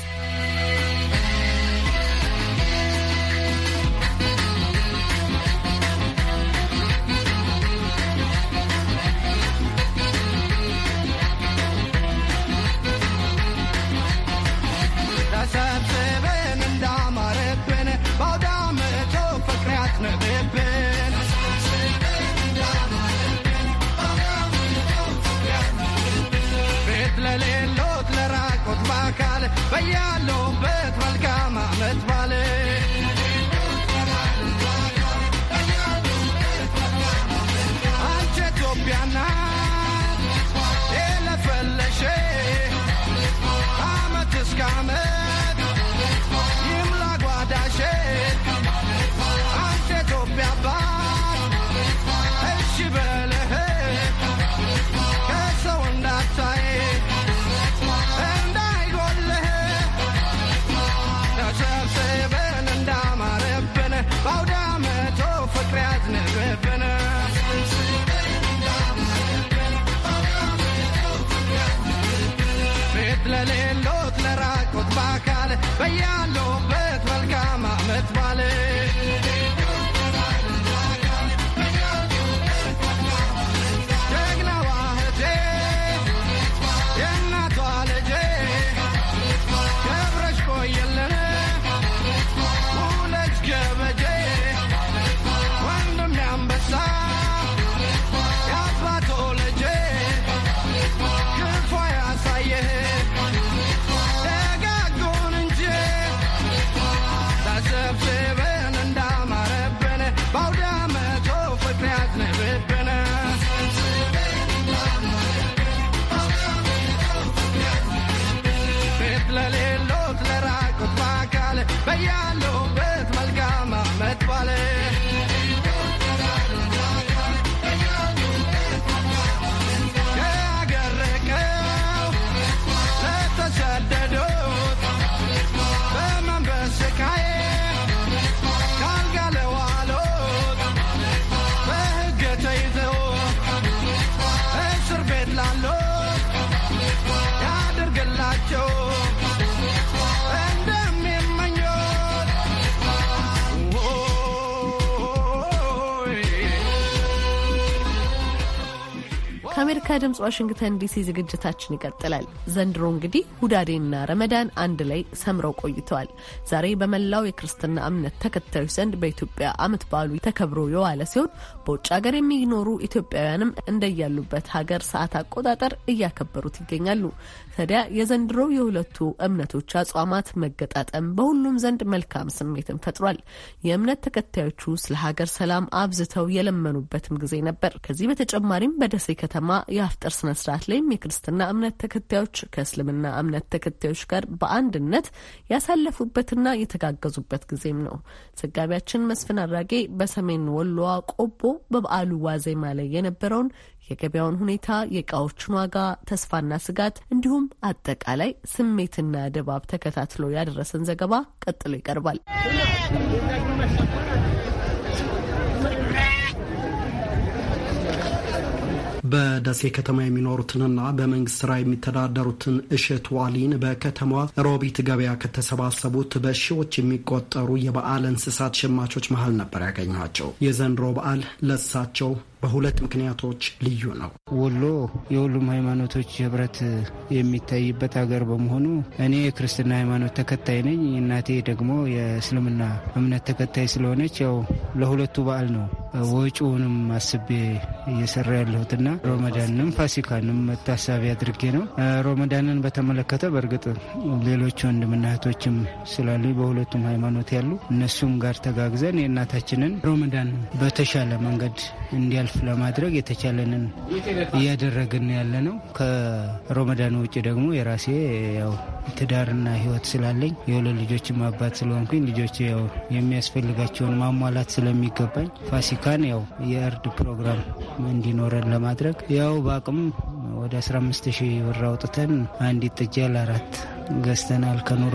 ከድምፅ ዋሽንግተን ዲሲ ዝግጅታችን ይቀጥላል። ዘንድሮ እንግዲህ ሁዳዴና ረመዳን አንድ ላይ ሰምረው ቆይተዋል። ዛሬ በመላው የክርስትና እምነት ተከታዮች ዘንድ በኢትዮጵያ አመት በዓሉ ተከብሮ የዋለ ሲሆን በውጭ ሀገር የሚኖሩ ኢትዮጵያውያንም እንደያሉበት ሀገር ሰዓት አቆጣጠር እያከበሩት ይገኛሉ። ታዲያ የዘንድሮው የሁለቱ እምነቶች አጽዋማት መገጣጠም በሁሉም ዘንድ መልካም ስሜትን ፈጥሯል። የእምነት ተከታዮቹ ስለ ሀገር ሰላም አብዝተው የለመኑበትም ጊዜ ነበር። ከዚህ በተጨማሪም በደሴ ከተማ የአፍጠር ስነ ስርዓት ላይም የክርስትና እምነት ተከታዮች ከእስልምና እምነት ተከታዮች ጋር በአንድነት ያሳለፉበትና የተጋገዙበት ጊዜም ነው። ዘጋቢያችን መስፍን አድራጌ በሰሜን ወሎዋ ቆቦ በበዓሉ ዋዜማ ላይ የነበረውን የገበያውን ሁኔታ፣ የእቃዎችን ዋጋ፣ ተስፋና ስጋት እንዲሁም አጠቃላይ ስሜትና ድባብ ተከታትሎ ያደረሰን ዘገባ ቀጥሎ ይቀርባል። በደሴ ከተማ የሚኖሩትንና በመንግስት ስራ የሚተዳደሩትን እሸት ዋሊን በከተማዋ ሮቢት ገበያ ከተሰባሰቡት በሺዎች የሚቆጠሩ የበዓል እንስሳት ሸማቾች መሀል ነበር ያገኟቸው። የዘንድሮ በዓል ለሳቸው በሁለት ምክንያቶች ልዩ ነው። ወሎ የሁሉም ሃይማኖቶች ህብረት የሚታይበት ሀገር በመሆኑ እኔ የክርስትና ሃይማኖት ተከታይ ነኝ። እናቴ ደግሞ የእስልምና እምነት ተከታይ ስለሆነች ያው ለሁለቱ በዓል ነው ወጪውንም አስቤ እየሰራ ያለሁትና ሮመዳንም ፋሲካንም መታሳቢ አድርጌ ነው። ሮመዳንን በተመለከተ በእርግጥ ሌሎች ወንድምና እህቶችም ስላሉ በሁለቱም ሃይማኖት ያሉ እነሱም ጋር ተጋግዘን የእናታችንን ሮመዳን በተሻለ መንገድ እንዲያል እንዲያልፍ ለማድረግ የተቻለንን እያደረግን ያለ ነው። ከሮመዳን ውጭ ደግሞ የራሴ ያው ትዳርና ህይወት ስላለኝ የሁለት ልጆች አባት ስለሆንኩኝ ልጆች ያው የሚያስፈልጋቸውን ማሟላት ስለሚገባኝ ፋሲካን ያው የእርድ ፕሮግራም እንዲኖረን ለማድረግ ያው በአቅም ወደ 15 ሺህ ብር አውጥተን አንዲት ጥጃ ለአራት ገዝተናል። ከኑሮ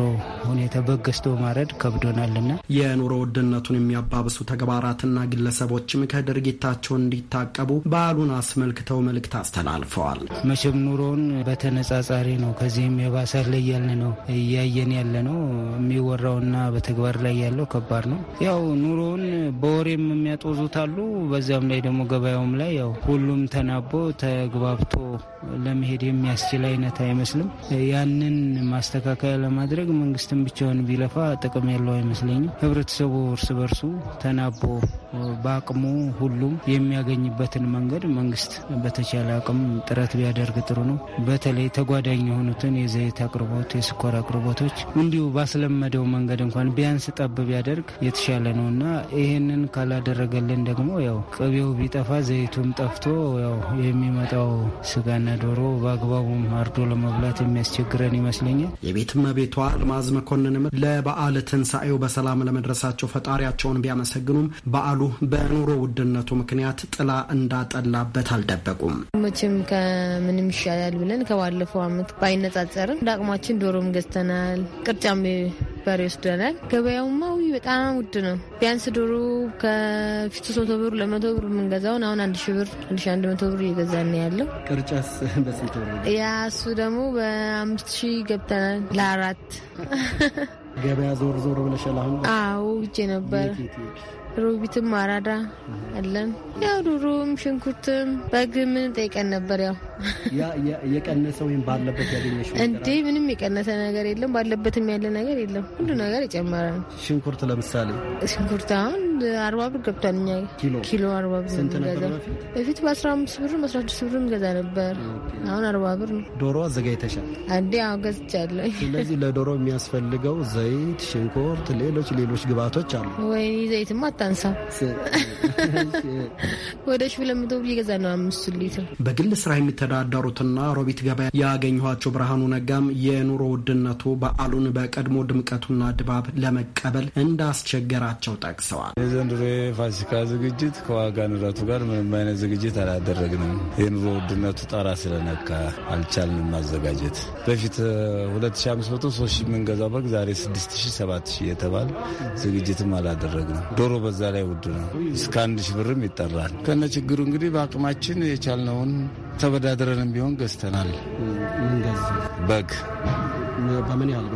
ሁኔታ በገዝቶ ማረድ ከብዶናልና የኑሮ ውድነቱን የሚያባብሱ ተግባራትና ግለሰቦችም ከድርጊታቸው እንዲታቀቡ በዓሉን አስመልክተው መልእክት አስተላልፈዋል። መቼም ኑሮውን በተነጻጻሪ ነው፣ ከዚህም የባሰ ላይ ነው እያየን ያለ ነው። የሚወራውና በተግባር ላይ ያለው ከባድ ነው። ያው ኑሮውን በወሬም የሚያጦዙት አሉ። በዚያም ላይ ደግሞ ገበያውም ላይ ያው ሁሉም ተናቦ ተግባብቶ ለመሄድ የሚያስችል አይነት አይመስልም። ያንን ማስተካከያ ለማድረግ መንግስትም ብቻውን ቢለፋ ጥቅም ያለው አይመስለኝም። ህብረተሰቡ እርስ በርሱ ተናቦ በአቅሙ ሁሉም የሚያገኝበትን መንገድ መንግስት በተቻለ አቅም ጥረት ቢያደርግ ጥሩ ነው። በተለይ ተጓዳኝ የሆኑትን የዘይት አቅርቦት፣ የስኳር አቅርቦቶች እንዲሁ ባስለመደው መንገድ እንኳን ቢያንስ ጠብ ቢያደርግ የተሻለ ነው እና ይህንን ካላደረገልን ደግሞ ያው ቅቤው ቢጠፋ ዘይቱም ጠፍቶ ያው የሚመጣው ስጋና ዶሮ በአግባቡም አርዶ ለመብላት የሚያስቸግረን ይመስለኛል። የቤት እመቤቷ አልማዝ መኮንንም ለበዓለ ትንሣኤው በሰላም ለመድረሳቸው ፈጣሪያቸውን ቢያመሰግኑም በዓሉ በኑሮ ውድነቱ ምክንያት ጥላ እንዳጠላበት አልደበቁም። መቼም ከምንም ይሻላል ብለን ከባለፈው ዓመት ባይነጻጸርም እንደ አቅማችን ዶሮም ገዝተናል፣ ቅርጫም ነበር ይወስደናል። ገበያውማ በጣም ውድ ነው። ቢያንስ ዶሮ ከፊቱ መቶ ብር ለመቶ ብር የምንገዛውን አሁን አንድ ሺ ብር አንድ ሺ አንድ መቶ ብር እየገዛን ያለው። ቅርጫስ በስንት ብር? ያ እሱ ደግሞ በአምስት ሺ ገብተናል ለአራት ገበያ ዞር ዞር ብለሻል? አሁን አዎ ውጭ ነበር ሮቢትም አራዳ አለን። ያው ዶሮም ሽንኩርትም በግ ምን ጠይቀን ነበር። ያው የቀነሰ ወይም ባለበት ያገኘሽ እንዴ? ምንም የቀነሰ ነገር የለም። ባለበትም ያለ ነገር የለም። ሁሉ ነገር የጨመረ ነው። ሽንኩርት ለምሳሌ ሽንኩርት አሁን አርባ ብር ገብቷል። እኛ ኪሎ አርባ ብር ገዛ። በፊት በአስራ አምስት ብር አስራ ስድስት ብርም ገዛ ነበር። አሁን አርባ ብር ነው። ዶሮ አዘጋጅተሻል እንዴ? አሁ ገዝቻለሁ። ስለዚህ ለዶሮ የሚያስፈልገው ዘይት፣ ሽንኩርት፣ ሌሎች ሌሎች ግብአቶች አሉ ወይ? ዘይትማ አታ አታንሳው ወደ ሺ ሁለት መቶ ነው አምስቱ ሊትር። በግል ስራ የሚተዳደሩትና ሮቢት ገበያ ያገኘኋቸው ብርሃኑ ነጋም የኑሮ ውድነቱ በዓሉን በቀድሞ ድምቀቱና ድባብ ለመቀበል እንዳስቸገራቸው ጠቅሰዋል። የዘንድሮ የፋሲካ ዝግጅት ከዋጋ ንረቱ ጋር ምንም አይነት ዝግጅት አላደረግንም። የኑሮ ውድነቱ ጣራ ስለነካ አልቻልንም ማዘጋጀት። በፊት 2500 ሶስት ሺህ የምንገዛው በግ ዛሬ 6700 ሺህ የተባለ ዝግጅትም አላደረግንም ዶሮ በዛ ላይ ውድ ነው። እስከ አንድ ሺህ ብርም ይጠራል። ከነ ችግሩ እንግዲህ በአቅማችን የቻልነውን ተበዳድረንም ቢሆን ገዝተናል። በግ በምን ያህል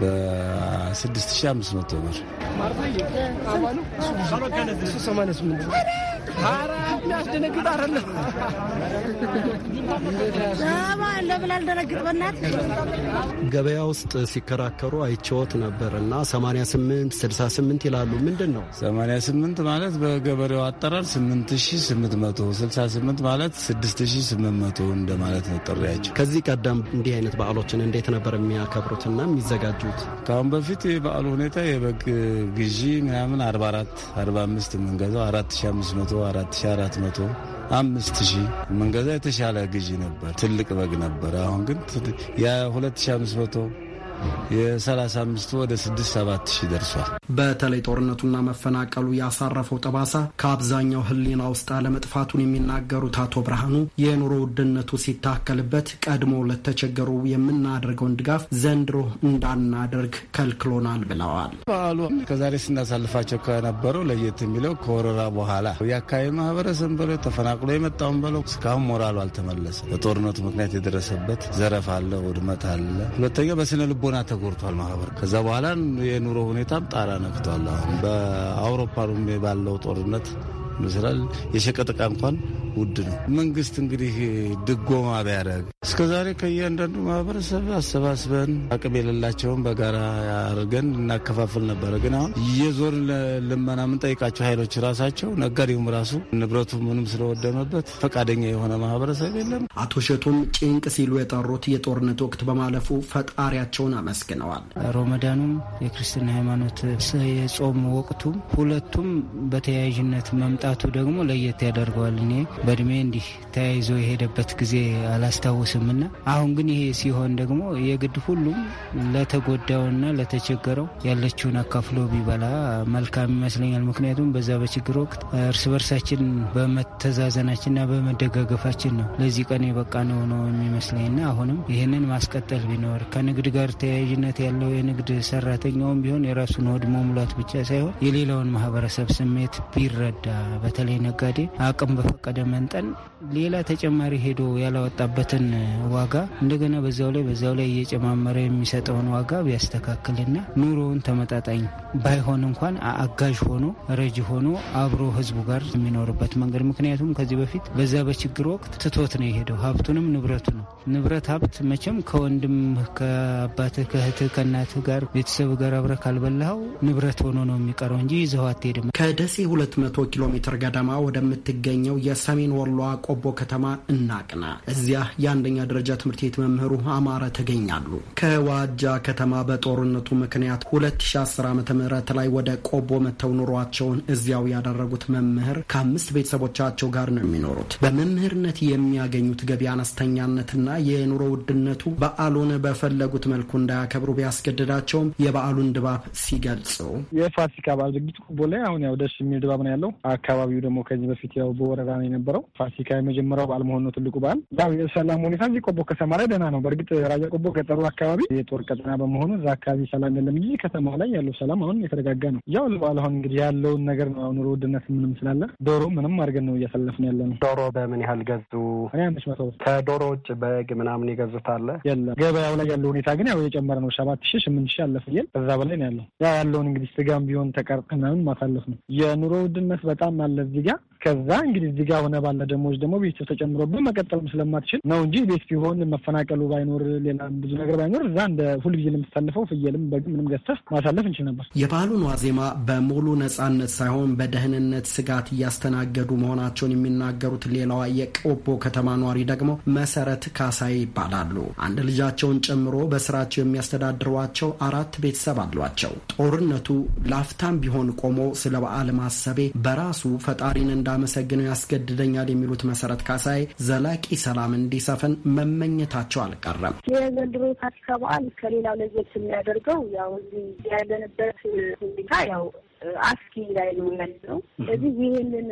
ብር? 6500 ብር ገበያ ውስጥ ሲከራከሩ አይቸወት ነበር እና 88 68 ይላሉ። ምንድን ነው 88 ማለት በገበሬው አጠራር 8800 68 ማለት 6800 እንደማለት ነው ጥሪያቸው። ከዚህ ቀደም እንዲህ አይነት በዓሎችን እንዴት ነበር የሚያከብሩትና የሚዘጋጁት? ከአሁን በፊት በወቅቱ የበዓሉ ሁኔታ የበግ ግዢ ምናምን 44 45 የምንገዛው 4500 4400 አምስት ሺህ መንገዛ የተሻለ ግዢ ነበር። ትልቅ በግ ነበር። አሁን ግን የ2500 የ35 ወደ 67 ሺህ ደርሷል። በተለይ ጦርነቱና መፈናቀሉ ያሳረፈው ጠባሳ ከአብዛኛው ሕሊና ውስጥ አለመጥፋቱን የሚናገሩት አቶ ብርሃኑ የኑሮ ውድነቱ ሲታከልበት ቀድሞ ለተቸገሩ የምናደርገውን ድጋፍ ዘንድሮ እንዳናደርግ ከልክሎናል ብለዋል። በዓሉ ከዛሬ ስናሳልፋቸው ከነበረው ለየት የሚለው ከወረራ በኋላ የአካባቢ ማህበረሰብ ብሎ ተፈናቅሎ የመጣውን ብለው እስካሁን ሞራሉ አልተመለሰ በጦርነቱ ምክንያት የደረሰበት ዘረፍ አለ፣ ውድመት አለ። ሁለተኛ በስነ ልቦ ልቦና ተጎድቷል ማህበር። ከዛ በኋላ የኑሮ ሁኔታም ጣራ ነክቷል። አሁን በአውሮፓ ባለው ጦርነት ይመስላል። የሸቀጥ እንኳን ውድ ነው። መንግስት እንግዲህ ድጎማ ቢያደርግ እስከ ዛሬ ከእያንዳንዱ ማህበረሰብ አሰባስበን አቅም የሌላቸውን በጋራ አድርገን እናከፋፍል ነበረ። ግን አሁን እየዞርን ልመና የምንጠይቃቸው ኃይሎች ራሳቸው ነጋዴውም ራሱ ንብረቱ ምንም ስለወደመበት ፈቃደኛ የሆነ ማህበረሰብ የለም። አቶ ሸቱም ጭንቅ ሲሉ የጠሩት የጦርነት ወቅት በማለፉ ፈጣሪያቸውን አመስግነዋል። ሮመዳኑም የክርስትና ሃይማኖት የጾም ወቅቱም ሁለቱም በተያያዥነት መምጣ መምጣቱ ደግሞ ለየት ያደርገዋል። እኔ በእድሜ እንዲህ ተያይዞ የሄደበት ጊዜ አላስታውስምና አሁን ግን ይሄ ሲሆን ደግሞ የግድ ሁሉም ለተጎዳውና ለተቸገረው ያለችውን አካፍሎ ቢበላ መልካም ይመስለኛል። ምክንያቱም በዛ በችግር ወቅት እርስ በርሳችን በመተዛዘናችንና በመደጋገፋችን ነው ለዚህ ቀን የበቃ ነው ነው የሚመስለኝና አሁንም ይህንን ማስቀጠል ቢኖር ከንግድ ጋር ተያያዥነት ያለው የንግድ ሰራተኛውም ቢሆን የራሱን ወድሞ ሙላት ብቻ ሳይሆን የሌላውን ማህበረሰብ ስሜት ቢረዳ በተለይ ነጋዴ አቅም በፈቀደ መንጠን ሌላ ተጨማሪ ሄዶ ያላወጣበትን ዋጋ እንደገና በዛው ላይ በዛው ላይ እየጨማመረ የሚሰጠውን ዋጋ ቢያስተካክልና ኑሮውን ተመጣጣኝ ባይሆን እንኳን አጋዥ ሆኖ ረጅ ሆኖ አብሮ ህዝቡ ጋር የሚኖርበት መንገድ ምክንያቱም ከዚህ በፊት በዛ በችግር ወቅት ትቶት ነው የሄደው። ሀብቱንም ንብረቱ ነው። ንብረት ሀብት መቼም ከወንድም ከአባትህ ከእህትህ ከእናትህ ጋር ቤተሰብ ጋር አብረህ ካልበላኸው ንብረት ሆኖ ነው የሚቀረው እንጂ ይዘው አትሄድም። ከደሴ 200 ኪሎ ኪሎሜትር ገደማ ወደምትገኘው የሰሜን ወሎ ቆቦ ከተማ እናቅና። እዚያ የአንደኛ ደረጃ ትምህርት ቤት መምህሩ አማረ ተገኛሉ። ከዋጃ ከተማ በጦርነቱ ምክንያት 2010 ዓ ም ላይ ወደ ቆቦ መተው ኑሯቸውን እዚያው ያደረጉት መምህር ከአምስት ቤተሰቦቻቸው ጋር ነው የሚኖሩት። በመምህርነት የሚያገኙት ገቢ አነስተኛነትና የኑሮ ውድነቱ በዓሉን በፈለጉት መልኩ እንዳያከብሩ ቢያስገድዳቸውም የበዓሉን ድባብ ሲገልጹ የፋሲካ በዓል ዝግጅት ቆቦ ላይ አሁን ያው ደስ የሚል ድባብ ነው ያለው አካ አካባቢው ደግሞ ከዚህ በፊት ያው በወረራ ነው የነበረው። ፋሲካ የመጀመሪያው በዓል መሆን ነው ትልቁ በዓል። ያው የሰላም ሁኔታ እዚህ ቆቦ ከተማ ላይ ደህና ነው። በእርግጥ ራያ ቆቦ ገጠሩ አካባቢ የጦር ቀጠና በመሆኑ እዛ አካባቢ ሰላም የለም እንጂ ከተማ ላይ ያለው ሰላም አሁን የተረጋጋ ነው። ያው ለበዓል አሁን እንግዲህ ያለውን ነገር ነው። ኑሮ ውድነት ምንም ስላለ ዶሮ ምንም አድርገን ነው እያሳለፍን ያለ ነው። ዶሮ በምን ያህል ገዙ? እኔ አምስት መቶ ከዶሮ ውጭ በግ ምናምን የገዙት አለ የለም? ገበያው ላይ ያለው ሁኔታ ግን ያው የጨመረ ነው። ሰባት ሺ ስምንት ሺ አለፈየል ከዛ በላይ ነው ያለው። ያው ያለውን እንግዲህ ስጋም ቢሆን ተቀርጥ ምናምን ማሳለፍ ነው። የኑሮ ውድነት በጣም አለ ጋር ከዛ እንግዲህ እዚህ ጋር ሆነ ባለ ደሞዎች ደግሞ ቤተሰብ ተጨምሮብን መቀጠልም ስለማትችል ነው እንጂ ቤት ቢሆን መፈናቀሉ ባይኖር ሌላ ብዙ ነገር ባይኖር እዛ እንደ ሁልጊዜ ለምትሳልፈው ፍየልም በግ ምንም ገዝተህ ማሳለፍ እንችል ነበር። የበዓሉን ዋዜማ በሙሉ ነጻነት ሳይሆን በደህንነት ስጋት እያስተናገዱ መሆናቸውን የሚናገሩት ሌላዋ የቆቦ ከተማ ኗሪ ደግሞ መሰረት ካሳይ ይባላሉ። አንድ ልጃቸውን ጨምሮ በስራቸው የሚያስተዳድሯቸው አራት ቤተሰብ አሏቸው። ጦርነቱ ላፍታም ቢሆን ቆሞ ስለ በዓል ማሰቤ በራሱ ፈጣሪን እንዳ እንዳመሰግነው ያስገድደኛል የሚሉት መሰረት ካሳይ ዘላቂ ሰላም እንዲሰፍን መመኘታቸው አልቀረም። የዘንድሮ ፋሲካ በዓል ከሌላው ለየት የሚያደርገው ያው እዚህ ያለንበት ሁኔታ ያው አስኪ ላይ ነው የሚመልስ ነው። ስለዚህ ይህንን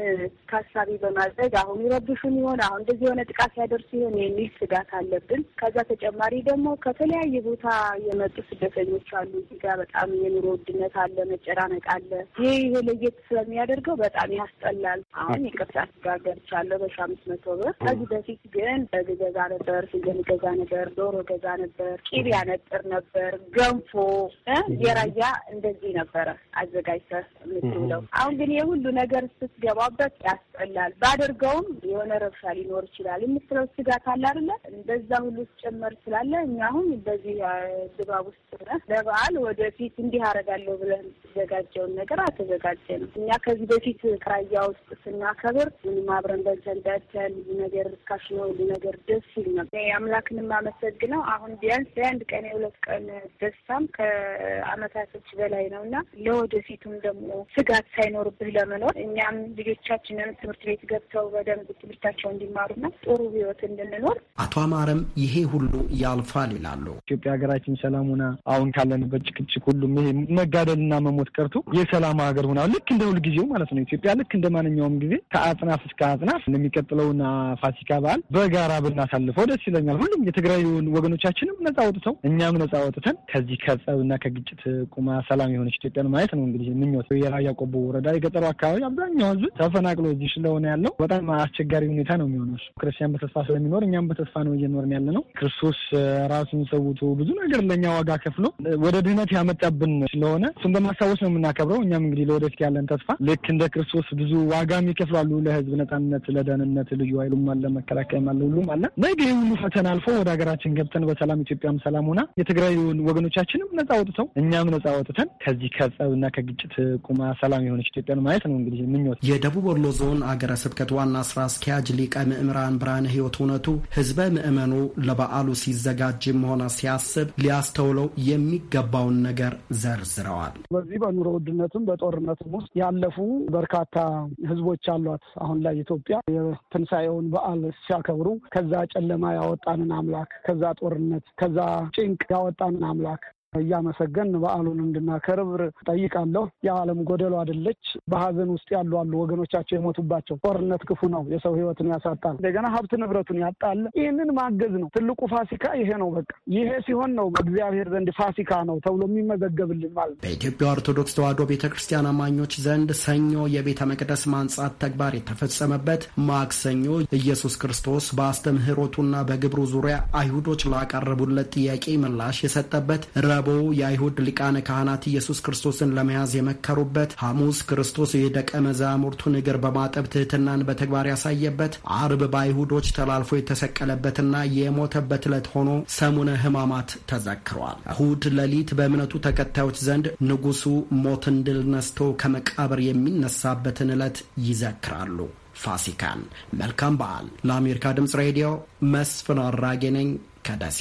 ታሳቢ በማድረግ አሁን ይረብሹን ይሆን አሁን እንደዚህ የሆነ ጥቃት ያደርሱ ይሆን የሚል ስጋት አለብን። ከዛ ተጨማሪ ደግሞ ከተለያየ ቦታ የመጡ ስደተኞች አሉ። እዚህ ጋር በጣም የኑሮ ውድነት አለ፣ መጨናነቅ አለ። ይህ ይሄ ለየት ስለሚያደርገው በጣም ያስጠላል። አሁን የቅርጫ ስጋ ገዝቻለሁ በሺ አምስት መቶ ብር። ከዚህ በፊት ግን በግ ገዛ ነበር፣ ስገን ገዛ ነበር፣ ዶሮ ገዛ ነበር፣ ቂቤ ያነጥር ነበር፣ ገንፎ የራያ እንደዚህ ነበረ አዘጋጅተ የምትውለው። አሁን ግን የሁሉ ነገር ስትገባበት ያስጠላል። ባደርገውም የሆነ ረብሻ ሊኖር ይችላል የምትለው ስጋት አለ አይደለ? በዛ ሁሉ ጭምር ስላለ እኛ አሁን በዚህ ድባብ ውስጥ ሆነህ ለበዓል ወደፊት እንዲህ አደርጋለሁ ብለህ የምትዘጋጀውን ነገር ነው። እኛ ከዚህ በፊት ራያ ውስጥ ስናከብር ምንም አብረን በልተን ጠጥተን ብዙ ነገር ርካሽ ነው ሁሉ ነገር ደስ ይል ነበር። አምላክን የማመሰግነው አሁን ቢያንስ የአንድ ቀን የሁለት ቀን ደስታም ከአመታቶች በላይ ነው እና ለወደፊቱም ደግሞ ስጋት ሳይኖርብህ ለመኖር እኛም ልጆቻችንን ትምህርት ቤት ገብተው በደንብ ትምህርታቸው እንዲማሩና ጥሩ ህይወት እንድንኖር። አቶ አማረም ይሄ ሁሉ ያልፋል ይላሉ። ኢትዮጵያ ሀገራችን ሰላም ሆና አሁን ካለንበት ጭቅጭቅ፣ ሁሉም ይሄ መጋደልና መሞት ቀርቶ የሰላም ሀገር ሆና ልክ እንደ ሁልጊዜው ማለት ነው ኢትዮጵያ ልክ እንደ ማንኛውም ጊዜ ከአጽናፍ እስከ አጽናፍ እንደሚቀጥለውና ፋሲካ በዓል በጋራ ብናሳልፈው ደስ ይለኛል። ሁሉም የትግራይ ወገኖቻችንም ነጻ ወጥተው እኛም ነጻ ወጥተን ከዚህ ከጸብና ከግጭት ቁማ ሰላም የሆነች ኢትዮጵያን ማየት ነው እንግዲህ ምኞ የራያቆቦ ወረዳ የገጠሩ አካባቢ አብዛኛው ህዝብ ተፈናቅሎ እዚህ ስለሆነ ያለው በጣም አስቸጋሪ ሁኔታ ነው የሚሆነው። እሱ ክርስቲያን በተስፋ ስለሚኖር እኛም በተስፋ ነው እየኖርን ያለ ነው። ክርስቶስ ራሱን ሰውቶ ብዙ ነገር ለእኛ ዋጋ ከፍሎ ወደ ድህነት ያመጣብን ስለሆነ እሱን በማስታወስ ነው የምናከብረው። እኛም እንግዲህ ለወደፊት ያለን ተስፋ ልክ እንደ ክርስቶስ ብዙ ዋጋም ይከፍላሉ ለህዝብ ነጻነት፣ ለደህንነት፣ ልዩ ኃይሉም አለ መከላከያም አለ ሁሉም አለ። ነገ ሁሉ ፈተና አልፎ ወደ ሀገራችን ገብተን በሰላም ኢትዮጵያም ሰላም ሆና የትግራይ ወገኖቻችንም ነጻ ወጥተው እኛም ነጻ ወጥተን ከዚህ ከጸብና ከግጭት ቁማ ሰላም የሆነች ኢትዮጵያን ማየት ነው እንግዲህ ምኞት። የደቡብ ወሎ ዞን አገረ ስብከት ዋና ስራ አስኪያጅ ሊቀ ምዕምራን ብርሃነ ህይወት እውነቱ ህዝበ ምዕመኑ ለበዓሉ ሲዘጋጅም ሆነ ሲያስብ ሊያስተውለው የሚገባውን ነገር ዘርዝረዋል። በዚህ በኑሮ ውድነቱም በጦርነቱም ውስጥ ያለፉ በርካታ ህዝቦች አሏት። አሁን ላይ ኢትዮጵያ የትንሣኤውን በዓል ሲያከብሩ ከዛ ጨለማ ያወጣንን አምላክ ከዛ ጦርነት ከዛ ጭንቅ ያወጣንን አምላክ እያመሰገን በዓሉን እንድናከርብር ጠይቃለሁ። የዓለም ጎደሎ አይደለች። በሀዘን ውስጥ ያሉ አሉ ወገኖቻቸው የሞቱባቸው። ጦርነት ክፉ ነው፣ የሰው ህይወትን ያሳጣል፣ እንደገና ሀብት ንብረቱን ያጣል። ይህንን ማገዝ ነው ትልቁ ፋሲካ ይሄ ነው። በቃ ይሄ ሲሆን ነው በእግዚአብሔር ዘንድ ፋሲካ ነው ተብሎ የሚመዘገብልን ማለት ነው። በኢትዮጵያ ኦርቶዶክስ ተዋሕዶ ቤተ ክርስቲያን አማኞች ዘንድ ሰኞ የቤተ መቅደስ ማንጻት ተግባር የተፈጸመበት፣ ማክሰኞ ኢየሱስ ክርስቶስ በአስተምህሮቱና በግብሩ ዙሪያ አይሁዶች ላቀረቡለት ጥያቄ ምላሽ የሰጠበት፣ ሰበው የአይሁድ ሊቃነ ካህናት ኢየሱስ ክርስቶስን ለመያዝ የመከሩበት፣ ሐሙስ ክርስቶስ የደቀ መዛሙርቱን እግር በማጠብ ትህትናን በተግባር ያሳየበት፣ አርብ በአይሁዶች ተላልፎ የተሰቀለበትና የሞተበት ዕለት ሆኖ ሰሙነ ሕማማት ተዘክሯል። እሁድ ሌሊት በእምነቱ ተከታዮች ዘንድ ንጉሱ ሞትን ድል ነስቶ ከመቃብር የሚነሳበትን ዕለት ይዘክራሉ። ፋሲካን። መልካም በዓል። ለአሜሪካ ድምፅ ሬዲዮ መስፍን አራጌ ነኝ ከደሴ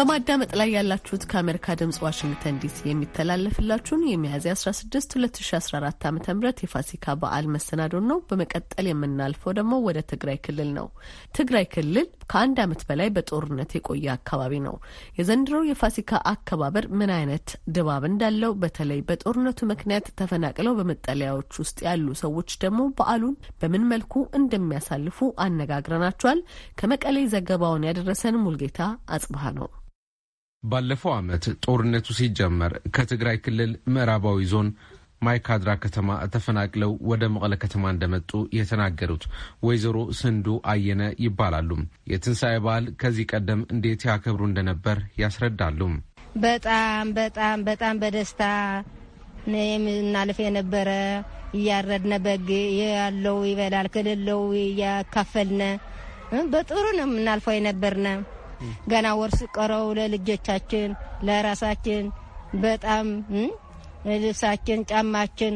በማዳመጥ ላይ ያላችሁት ከአሜሪካ ድምጽ ዋሽንግተን ዲሲ የሚተላለፍላችሁን የሚያዝያ 16 2014 ዓ ም የፋሲካ በዓል መሰናዶን ነው። በመቀጠል የምናልፈው ደግሞ ወደ ትግራይ ክልል ነው። ትግራይ ክልል ከአንድ ዓመት በላይ በጦርነት የቆየ አካባቢ ነው። የዘንድሮው የፋሲካ አከባበር ምን አይነት ድባብ እንዳለው በተለይ በጦርነቱ ምክንያት ተፈናቅለው በመጠለያዎች ውስጥ ያሉ ሰዎች ደግሞ በዓሉን በምን መልኩ እንደሚያሳልፉ አነጋግረናቸዋል። ከመቀሌ ዘገባውን ያደረሰን ሙልጌታ አጽብሃ ነው። ባለፈው ዓመት ጦርነቱ ሲጀመር ከትግራይ ክልል ምዕራባዊ ዞን ማይካድራ ከተማ ተፈናቅለው ወደ መቀለ ከተማ እንደመጡ የተናገሩት ወይዘሮ ስንዱ አየነ ይባላሉ። የትንሣኤ በዓል ከዚህ ቀደም እንዴት ያከብሩ እንደነበር ያስረዳሉ። በጣም በጣም በጣም በደስታ የምናልፍ የነበረ እያረድነ በግ ያለው ይበላል ክልለው እያካፈልነ በጥሩ ነው የምናልፈው የነበርነ ገና ወር ሲቀረው ለልጆቻችን፣ ለራሳችን በጣም ልብሳችን፣ ጫማችን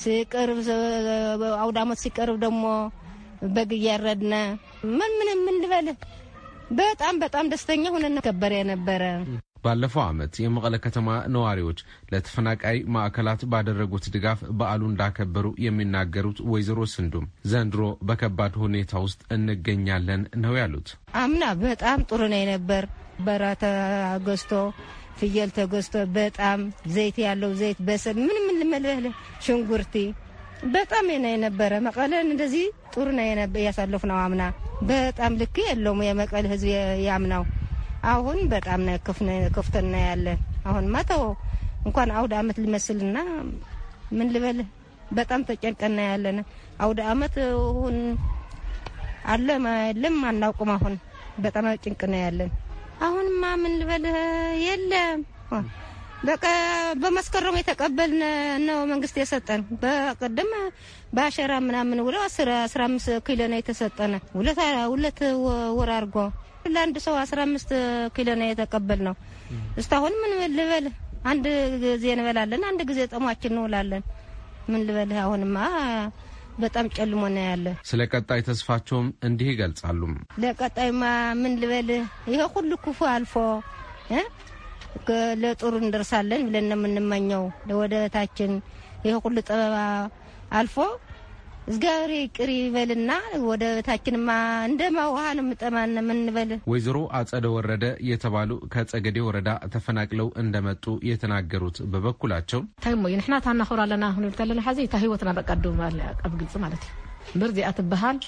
ሲቀርብ አውዳሞት ሲቀርብ ደግሞ በግ እያረድነ ምን ምንም ምን ልበልህ በጣም በጣም ደስተኛ ሆነን ከበር የነበረ ባለፈው ዓመት የመቀለ ከተማ ነዋሪዎች ለተፈናቃይ ማዕከላት ባደረጉት ድጋፍ በዓሉ እንዳከበሩ የሚናገሩት ወይዘሮ ስንዱም ዘንድሮ በከባድ ሁኔታ ውስጥ እንገኛለን ነው ያሉት። አምና በጣም ጥሩ ነው የነበር። በራ ተገዝቶ ፍየል ተገዝቶ በጣም ዘይት ያለው ዘይት በሰብ ምን ልመለለ ሽንጉርቲ በጣም ነው የነበረ። መቀለን እንደዚህ ጥሩ ነው ያሳለፍ ነው። አምና በጣም ልክ የለውም የመቀለ ህዝብ ያምናው። አሁን በጣም ክፍተና ያለን አሁን ማተው እንኳን አውደ አመት ሊመስልና ምን ልበል በጣም ተጨንቀና ያለን አውደ አመት ሁን አለ የለም አናውቅም። አሁን በጣም ጭንቅና ያለን አሁንማ ምን ልበል የለም በቃ በመስከረም የተቀበልን ነው መንግስት የሰጠን። በቀደም በአሸራ ምናምን ውለው አስራ አምስት ኪሎ ነው የተሰጠነ ሁለት ወር አድርጎ ለአንድ ሰው አስራ አምስት ኪሎ ነው የተቀበል ነው። እስካሁን ምን ልበል፣ አንድ ጊዜ እንበላለን፣ አንድ ጊዜ ጥሟችን እንውላለን። ምን ልበል? አሁንማ በጣም ጨልሞ ነው ያለ። ስለ ቀጣይ ተስፋቸውም እንዲህ ይገልጻሉ። ለቀጣይማ ምን ልበል? ይሄ ሁሉ ክፉ አልፎ ለጥሩ እንደርሳለን ብለን ነው የምንመኘው። ለወደታችን ይሄ ሁሉ ጥበባ አልፎ እግዚአብሔር ቅሪ ይበልና ወደ ታችንማ እንደማ ውሃ ነው የምጠማን ምንበል። ወይዘሮ አጸደ ወረደ የተባሉ ከጸገዴ ወረዳ ተፈናቅለው እንደመጡ የተናገሩት በበኩላቸው ታይሞ ንሕና እታ ኣለና ክንብል ከለና ሓዚ እታ ሂወትና በቃ ድማ ኣብ ግልፂ ማለት እዩ ምርዚኣ ትበሃል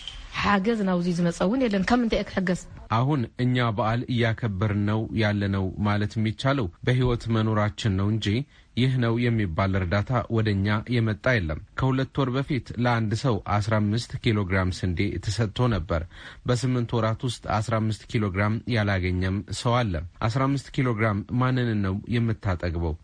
ሓገዝ ናብዚ ዝመፀ እውን የለን ከም ምንታይ ክሕገዝ አሁን እኛ በዓል እያከበርን ነው ያለነው ማለት የሚቻለው በህይወት መኖራችን ነው እንጂ ይህ ነው የሚባል እርዳታ ወደ እኛ የመጣ የለም። ከሁለት ወር በፊት ለአንድ ሰው 15 ኪሎ ግራም ስንዴ ተሰጥቶ ነበር። በስምንት ወራት ውስጥ 15 ኪሎ ግራም ያላገኘም ሰው አለ። 15 ኪሎ ግራም ማንን ነው የምታጠግበው?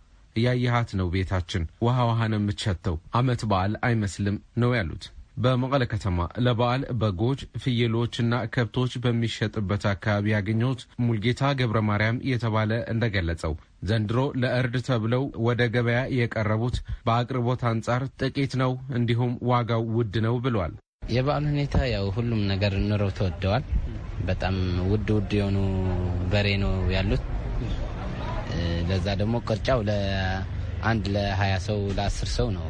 እያየሃት ነው። ቤታችን ውሃ ውሃ ነው የምትሸተው። አመት በዓል አይመስልም ነው ያሉት። በመቀለ ከተማ ለበዓል በጎች፣ ፍየሎችና ከብቶች በሚሸጥበት አካባቢ ያገኘሁት ሙልጌታ ገብረ ማርያም እየተባለ እንደገለጸው ዘንድሮ ለእርድ ተብለው ወደ ገበያ የቀረቡት በአቅርቦት አንጻር ጥቂት ነው፣ እንዲሁም ዋጋው ውድ ነው ብሏል። የበዓል ሁኔታ ያው ሁሉም ነገር ኑረው ተወደዋል። በጣም ውድ ውድ የሆኑ በሬ ነው ያሉት። ለዛ ደግሞ ቅርጫው ለአንድ ለሀያ ሰው ለአስር ሰው ነው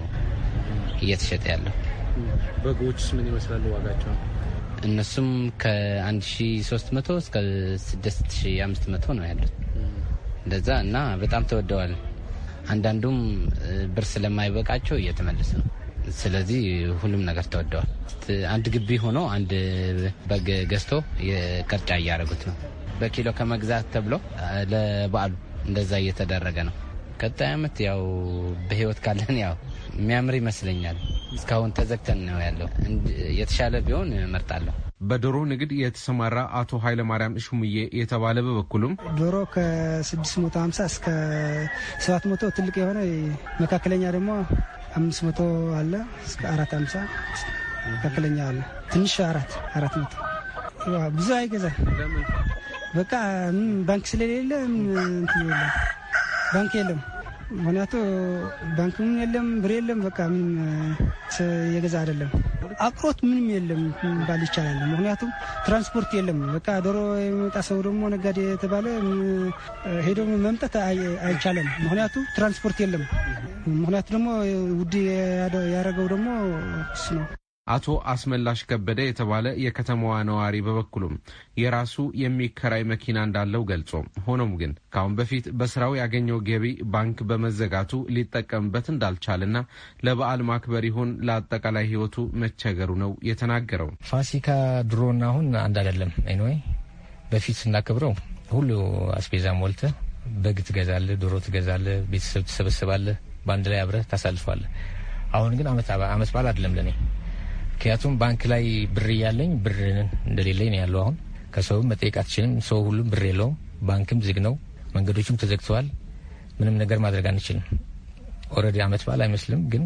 እየተሸጠ ያለው። በጎችስ ምን ይመስላሉ ዋጋቸው? እነሱም ከ1300 እስከ 6500 ነው ያሉት። እንደዛ እና በጣም ተወደዋል። አንዳንዱም ብር ስለማይበቃቸው እየተመለሱ ነው። ስለዚህ ሁሉም ነገር ተወደዋል። አንድ ግቢ ሆኖ አንድ በግ ገዝቶ የቅርጫ እያደረጉት ነው። በኪሎ ከመግዛት ተብሎ ለበዓሉ እንደዛ እየተደረገ ነው። ቀጣይ ዓመት ያው በህይወት ካለን ያው የሚያምር ይመስለኛል። እስካሁን ተዘግተን ነው ያለው። የተሻለ ቢሆን እመርጣለሁ። በዶሮ ንግድ የተሰማራ አቶ ኃይለማርያም ሹምዬ የተባለ በበኩሉም ዶሮ ከ650 እስከ 700 ትልቅ የሆነ መካከለኛ ደግሞ 500 አለ እስከ 450 መካከለኛ አለ ትንሽ አራት አራት መቶ ብዙ አይገዛ በቃ ባንክ ስለሌለ ባንክ የለም። ምክንያቱ ባንክ ባንክም የለም ብር የለም። በቃ ምንም የገዛ አይደለም። አቅሮት ምንም የለም ባል ይቻላል። ምክንያቱም ትራንስፖርት የለም። በቃ ዶሮ የሚመጣ ሰው ደግሞ ነጋዴ የተባለ ሄዶ መምጠት አይቻለም። ምክንያቱ ትራንስፖርት የለም። ምክንያቱ ደግሞ ውድ ያደረገው ደግሞ እሱ ነው። አቶ አስመላሽ ከበደ የተባለ የከተማዋ ነዋሪ በበኩሉም የራሱ የሚከራይ መኪና እንዳለው ገልጾ ሆኖም ግን ከአሁን በፊት በስራው ያገኘው ገቢ ባንክ በመዘጋቱ ሊጠቀምበት እንዳልቻለና ለበዓል ማክበር ይሁን ለአጠቃላይ ህይወቱ መቸገሩ ነው የተናገረው። ፋሲካ ድሮና አሁን አንድ አይደለም። ወይ በፊት ስናከብረው ሁሉ አስቤዛ ሞልተ በግ ትገዛለ፣ ዶሮ ትገዛለ፣ ቤተሰብ ትሰበስባለ፣ በአንድ ላይ አብረህ ታሳልፋለህ። አሁን ግን አመት በዓል አይደለም ለእኔ ምክንያቱም ባንክ ላይ ብር እያለኝ ብር እንደሌለኝ ነው ያለው። አሁን ከሰውም መጠየቅ አትችልም። ሰው ሁሉም ብር የለውም። ባንክም ዝግ ነው። መንገዶችም ተዘግተዋል። ምንም ነገር ማድረግ አንችልም። ኦልሬዲ አመት በዓል አይመስልም፣ ግን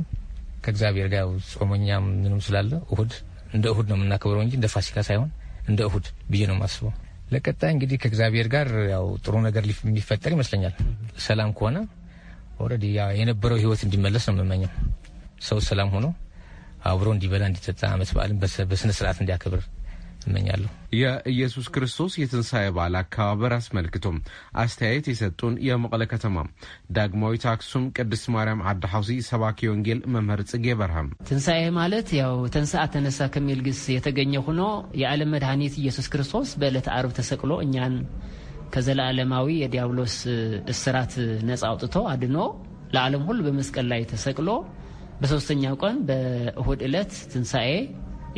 ከእግዚአብሔር ጋር ጾመኛ ምንም ስላለ እሁድ እንደ እሁድ ነው የምናከብረው እንጂ እንደ ፋሲካ ሳይሆን እንደ እሁድ ብዬ ነው የማስበው። ለቀጣይ እንግዲህ ከእግዚአብሔር ጋር ያው ጥሩ ነገር የሚፈጠር ይመስለኛል። ሰላም ከሆነ ኦልሬዲ የነበረው ህይወት እንዲመለስ ነው የምመኘው። ሰው ሰላም ሆኖ አብሮ እንዲበላ እንዲጠጣ፣ አመት በዓልን በስነ ስርዓት እንዲያከብር እመኛለሁ። የኢየሱስ ክርስቶስ የትንሣኤ በዓል አከባበር አስመልክቶም አስተያየት የሰጡን የመቀለ ከተማ ዳግማዊት አክሱም ቅድስት ማርያም ዓዲ ሰባኪ ወንጌል መምህር ጽጌ በርሃም ትንሣኤ ማለት ያው ተንስአ ተነሳ ከሚል ግስ የተገኘ ሆኖ የዓለም መድኃኒት ኢየሱስ ክርስቶስ በዕለተ አርብ ተሰቅሎ እኛን ከዘላለማዊ የዲያብሎስ እስራት ነጻ አውጥቶ አድኖ ለዓለም ሁሉ በመስቀል ላይ ተሰቅሎ በሶስተኛው ቀን በእሁድ ዕለት ትንሣኤ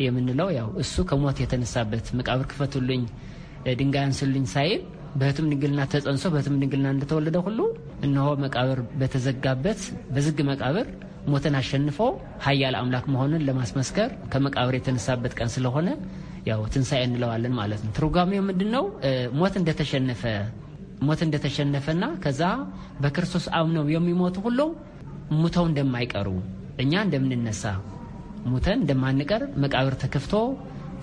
የምንለው ያው እሱ ከሞት የተነሳበት መቃብር ክፈቱልኝ፣ ድንጋይ አንስልኝ ሳይል በህትም ድንግልና ተጸንሶ በህትም ድንግልና እንደተወለደ ሁሉ እነሆ መቃብር በተዘጋበት በዝግ መቃብር ሞትን አሸንፎ ኃያል አምላክ መሆኑን ለማስመስከር ከመቃብር የተነሳበት ቀን ስለሆነ ያው ትንሣኤ እንለዋለን ማለት ነው። ትርጓሜው ምንድን ነው? ሞት እንደተሸነፈ ሞት እንደተሸነፈና ከዛ በክርስቶስ አምነው የሚሞቱ ሁሉ ሙተው እንደማይቀሩ እኛ እንደምንነሳ ሙተን እንደማንቀር መቃብር ተከፍቶ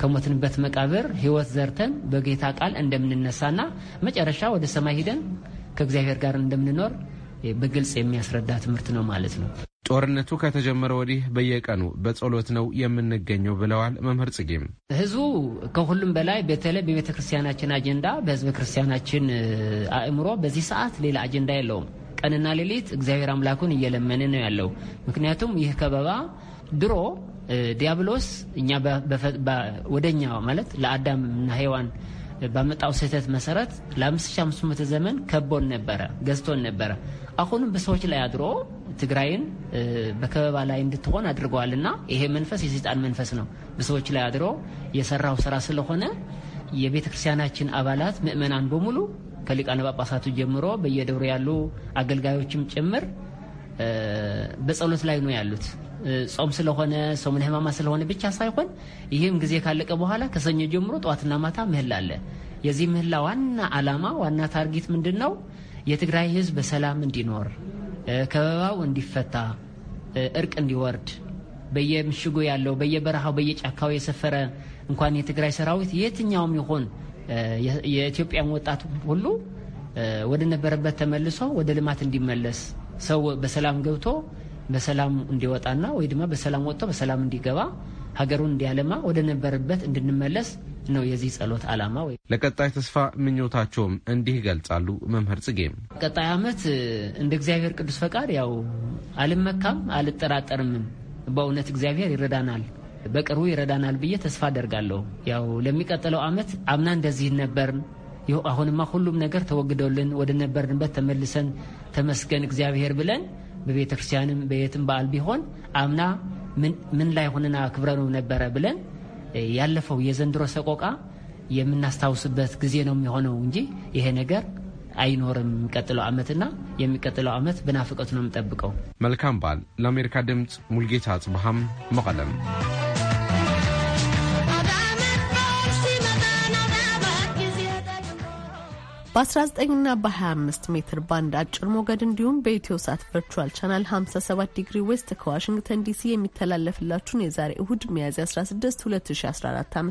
ከሞትንበት መቃብር ህይወት ዘርተን በጌታ ቃል እንደምንነሳና መጨረሻ ወደ ሰማይ ሂደን ከእግዚአብሔር ጋር እንደምንኖር በግልጽ የሚያስረዳ ትምህርት ነው ማለት ነው። ጦርነቱ ከተጀመረ ወዲህ በየቀኑ በጸሎት ነው የምንገኘው ብለዋል መምህር ጽጌም። ህዝቡ ከሁሉም በላይ በተለይ በቤተ ክርስቲያናችን አጀንዳ፣ በህዝበ ክርስቲያናችን አእምሮ በዚህ ሰዓት ሌላ አጀንዳ የለውም። ቀንና ሌሊት እግዚአብሔር አምላኩን እየለመነ ነው ያለው። ምክንያቱም ይህ ከበባ ድሮ ዲያብሎስ እኛ ወደ እኛ ማለት ለአዳምና ሔዋን ባመጣው ስህተት መሰረት ለ5500 ዘመን ከቦን ነበረ፣ ገዝቶን ነበረ። አሁንም በሰዎች ላይ አድሮ ትግራይን በከበባ ላይ እንድትሆን አድርገዋልና ይሄ መንፈስ የሰይጣን መንፈስ ነው። በሰዎች ላይ አድሮ የሰራው ስራ ስለሆነ የቤተ ክርስቲያናችን አባላት ምእመናን በሙሉ ከሊቃነ ጳጳሳቱ ጀምሮ በየደብሩ ያሉ አገልጋዮችም ጭምር በጸሎት ላይ ነው ያሉት። ጾም ስለሆነ ሰሙነ ሕማማት ስለሆነ ብቻ ሳይሆን ይህም ጊዜ ካለቀ በኋላ ከሰኞ ጀምሮ ጠዋትና ማታ ምህላ አለ። የዚህ ምህላ ዋና ዓላማ ዋና ታርጌት ምንድን ነው? የትግራይ ሕዝብ በሰላም እንዲኖር፣ ከበባው እንዲፈታ፣ እርቅ እንዲወርድ በየምሽጉ ያለው በየበረሃው በየጫካው የሰፈረ እንኳን የትግራይ ሰራዊት የትኛውም ይሆን የኢትዮጵያን ወጣቱ ሁሉ ወደ ነበረበት ተመልሶ ወደ ልማት እንዲመለስ ሰው በሰላም ገብቶ በሰላም እንዲወጣና ወይ ድማ በሰላም ወጥቶ በሰላም እንዲገባ ሀገሩን እንዲያለማ ወደ ነበረበት እንድንመለስ ነው የዚህ ጸሎት ዓላማ። ወይ ለቀጣይ ተስፋ ምኞታቸውም እንዲህ ይገልጻሉ መምህር ጽጌም። ቀጣይ ዓመት እንደ እግዚአብሔር ቅዱስ ፈቃድ ያው አልመካም፣ አልጠራጠርምም። በእውነት እግዚአብሔር ይረዳናል። በቅርቡ ይረዳናል ብዬ ተስፋ አደርጋለሁ። ያው ለሚቀጥለው ዓመት አምና እንደዚህ ነበርን። አሁንማ ሁሉም ነገር ተወግዶልን ወደ ነበርንበት ተመልሰን ተመስገን እግዚአብሔር ብለን በቤተ ክርስቲያንም በየትም በዓል ቢሆን አምና ምን ላይ ሆነና አክብረነው ነበረ ብለን ያለፈው የዘንድሮ ሰቆቃ የምናስታውስበት ጊዜ ነው የሚሆነው እንጂ ይሄ ነገር አይኖርም የሚቀጥለው አመትና የሚቀጥለው ዓመት በናፍቆት ነው የምጠብቀው። መልካም በዓል። ለአሜሪካ ድምፅ ሙልጌታ አጽብሃም መቀለም በ19ና በ25 ሜትር ባንድ አጭር ሞገድ እንዲሁም በኢትዮ ሳት ቨርቹዋል ቻናል 57 ዲግሪ ዌስት ከዋሽንግተን ዲሲ የሚተላለፍላችሁን የዛሬ እሁድ ሚያዝያ 16 2014 ዓ ም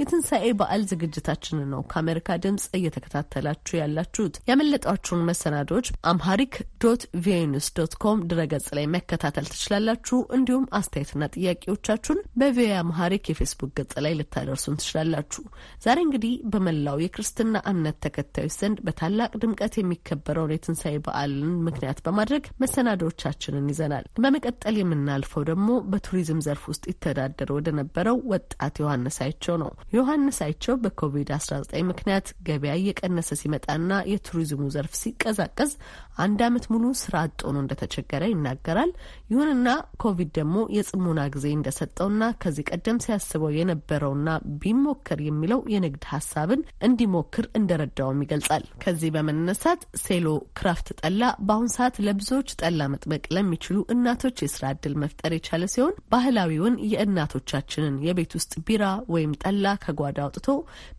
የትንሣኤ በዓል ዝግጅታችንን ነው ከአሜሪካ ድምፅ እየተከታተላችሁ ያላችሁት። ያመለጧችሁን መሰናዶዎች አምሃሪክ ዶት ቪኦኤ ዶት ኮም ድረገጽ ላይ መከታተል ትችላላችሁ። እንዲሁም አስተያየትና ጥያቄዎቻችሁን በቪኦኤ አምሃሪክ የፌስቡክ ገጽ ላይ ልታደርሱን ትችላላችሁ። ዛሬ እንግዲህ በመላው የክርስትና እምነት ተከታዮች ዘንድ በታላቅ ድምቀት የሚከበረውን የትንሣኤ በዓልን ምክንያት በማድረግ መሰናዶዎቻችንን ይዘናል። በመቀጠል የምናልፈው ደግሞ በቱሪዝም ዘርፍ ውስጥ ይተዳደር ወደ ነበረው ወጣት ዮሐንስ አይቸው ነው። ዮሐንስ አይቸው በኮቪድ-19 ምክንያት ገበያ እየቀነሰ ሲመጣና የቱሪዝሙ ዘርፍ ሲቀዛቀዝ አንድ ዓመት ሙሉ ስራ አጥ ሆኖ እንደተቸገረ ይናገራል። ይሁንና ኮቪድ ደግሞ የጽሙና ጊዜ እንደሰጠውና ከዚህ ቀደም ሲያስበው የነበረውና ቢሞክር የሚለው የንግድ ሀሳብን እንዲሞክር እንደረዳውም ይገልጻል። ከዚህ በመነሳት ሴሎ ክራፍት ጠላ በአሁን ሰዓት ለብዙዎች ጠላ መጥበቅ ለሚችሉ እናቶች የስራ እድል መፍጠር የቻለ ሲሆን ባህላዊውን የእናቶቻችንን የቤት ውስጥ ቢራ ወይም ጠላ ከጓዳ አውጥቶ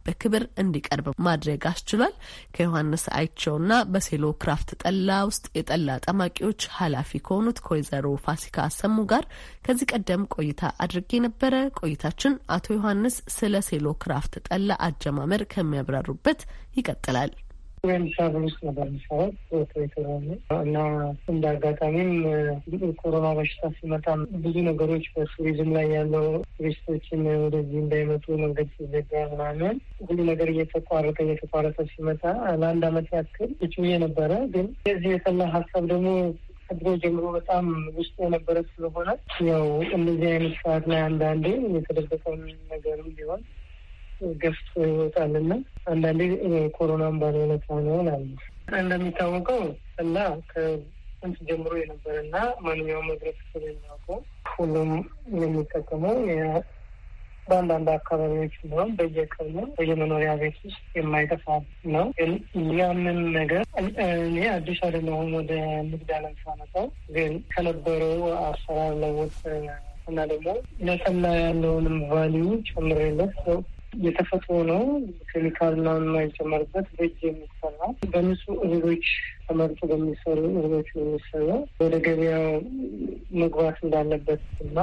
በክብር እንዲቀርብ ማድረግ አስችሏል። ከዮሐንስ አይቸውና በሴሎ ክራፍት ጠላ ውስጥ የጠላ ጠማቂዎች ኃላፊ ከሆኑት ከወይዘሮ ፋሲካ አሰሙ ጋር ከዚህ ቀደም ቆይታ አድርጌ ነበረ። ቆይታችን አቶ ዮሐንስ ስለ ሴሎ ክራፍት ጠላ አጀማመር ከሚያብራሩበት ይቀጥላል። ወይም ትራቨል ውስጥ ነበር የሚሰራው የተባለ እና እንደ አጋጣሚም ኮሮና በሽታ ሲመጣ ብዙ ነገሮች በቱሪዝም ላይ ያለው ቱሪስቶችን ወደዚህ እንዳይመጡ መንገድ ሲዘጋ ምናምን ሁሉ ነገር እየተቋረጠ እየተቋረጠ ሲመጣ ለአንድ አመት ያክል ችዬ ነበረ። ግን የዚህ የተላ ሀሳብ ደግሞ ከድሮ ጀምሮ በጣም ውስጥ የነበረ ስለሆነ ያው እንደዚህ አይነት ሰዓት ላይ አንዳንዴ የተደበቀውን ነገርም ቢሆን ገፍቶ ይወጣል ይወጣልና አንዳንዴ ኮሮናን ባለለት ማንሆን አለ እንደሚታወቀው እና ከጥንት ጀምሮ የነበረ እና ማንኛውም ህብረተሰብ የሚያውቀው ሁሉም የሚጠቀመው በአንዳንድ አካባቢዎች ቢሆን በየቀኑ በየመኖሪያ ቤት ውስጥ የማይጠፋ ነው። ግን ያንን ነገር እኔ አዲስ አደለሁም። ወደ ንግድ አለም ሳመጣው ግን ከነበረው አሰራር ለውጥ እና ደግሞ ነጠላ ያለውንም ቫሊዩ ጨምሬለት የተፈጥሮ ነው። ኬሚካል ና የማይጨመርበት በእጅ የሚሰራ በንጹህ እህሎች ተመርጦ በሚሰሩ እህሎች የሚሰራ ወደ ገበያ መግባት እንዳለበት እና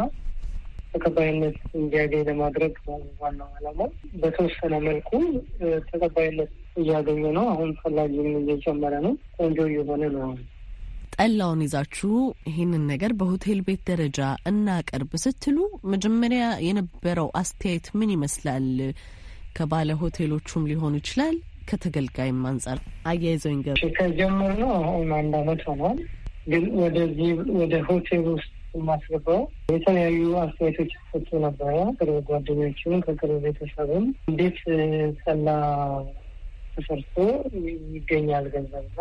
ተቀባይነት እንዲያገኝ ለማድረግ ዋናው ዓላማ በተወሰነ መልኩ ተቀባይነት እያገኘ ነው። አሁን ፈላጊም እየጨመረ ነው። ቆንጆ እየሆነ ነው። ጠላውን ይዛችሁ ይህንን ነገር በሆቴል ቤት ደረጃ እናቀርብ ስትሉ መጀመሪያ የነበረው አስተያየት ምን ይመስላል? ከባለ ሆቴሎቹም ሊሆን ይችላል ከተገልጋይም አንጻር አያይዘው ይንገሩ። ከጀምር ነው አሁን አንድ አመት ሆኗል። ግን ወደዚህ ወደ ሆቴል ውስጥ የማስገባው የተለያዩ አስተያየቶች ሰጡ ነበረ። ቅርብ ጓደኞችም ከቅርብ ቤተሰብም እንዴት ጠላ ተሰርቶ ይገኛል ገንዘብና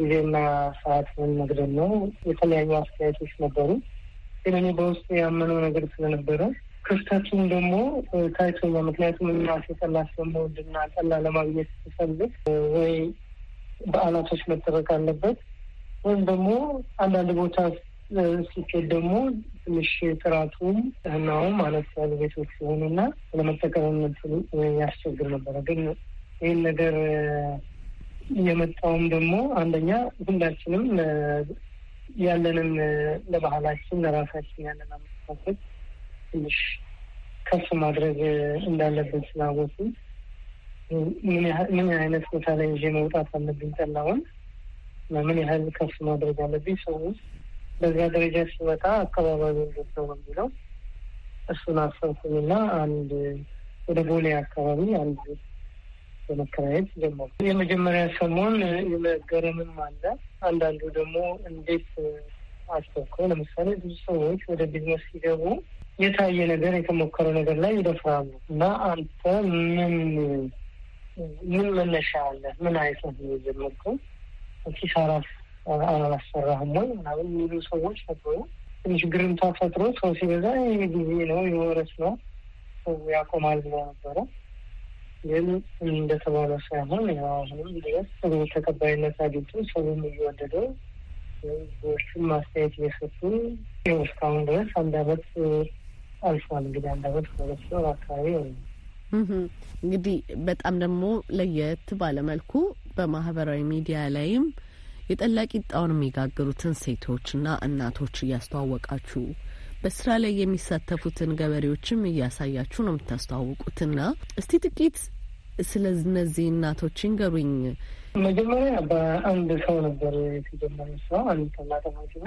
ጊዜና ሰዓት መግደል ነው። የተለያዩ አስተያየቶች ነበሩ። ግን እኔ በውስጡ ያመነው ነገር ስለነበረ ክፍተቱን ደግሞ ታይቶኛ ምክንያቱም እናቴ ጠላ ስለምወድና ጠላ ለማግኘት ስፈልግ ወይ በዓላቶች መጠበቅ አለበት ወይም ደግሞ አንዳንድ ቦታ ሲኬድ ደግሞ ትንሽ ጥራቱም ህናው ማለት ያሉ ቤቶች ሲሆኑና ለመጠቀምነት ያስቸግር ነበረ። ግን ይህን ነገር የመጣውም ደግሞ አንደኛ ሁላችንም ያለንን ለባህላችን ለራሳችን ያለን አመለካከት ትንሽ ከፍ ማድረግ እንዳለብን ስላወሱ ምን አይነት ቦታ ላይ ይዤ መውጣት አለብኝ ጠላውን ምን ያህል ከፍ ማድረግ አለብኝ ሰው በዚያ ደረጃ ሲመጣ አካባቢ ነው የሚለው እሱን አሰብኩኝና አንድ ወደ ቦሌ አካባቢ አንድ በመከራየት ጀመሩ። የመጀመሪያ ሰሞን የመገረምም አለ። አንዳንዱ ደግሞ እንዴት አስተውከው ለምሳሌ ብዙ ሰዎች ወደ ቢዝነስ ሲገቡ የታየ ነገር የተሞከረ ነገር ላይ ይደፍራሉ እና አንተ ምን ምን መነሻ አለ? ምን አይነት ነው የጀመርከው? ኪሳራ አላሰራህም ወይ ምናምን የሚሉ ሰዎች ነበሩ። ትንሽ ግርምታ ፈጥሮ ሰው ሲበዛ ይህ ጊዜ ነው የወረስ ነው ሰው ያቆማል ብሎ ነበረ። ግን እንደተባለው ሳይሆን አሁንም ድረስ ተቀባይነት አግኝቶ ሰውም እየወደደው ህዝቦቹም ማስተያየት እየሰጡ እስካሁን ድረስ አንድ አመት አልፏል። እንግዲህ አንድ አመት ሁለት ወር አካባቢ ሆነ። እንግዲህ በጣም ደግሞ ለየት ባለመልኩ በማህበራዊ ሚዲያ ላይም የጠላ ቂጣውን የሚጋግሩትን ሴቶችና እናቶች እያስተዋወቃችሁ በስራ ላይ የሚሳተፉትን ገበሬዎችም እያሳያችሁ ነው የምታስተዋውቁትና እስቲ ጥቂት ስለ እነዚህ እናቶች ይንገሩኝ። መጀመሪያ በአንድ ሰው ነበር የተጀመረ ስራው። አንድ ጠላጠማችና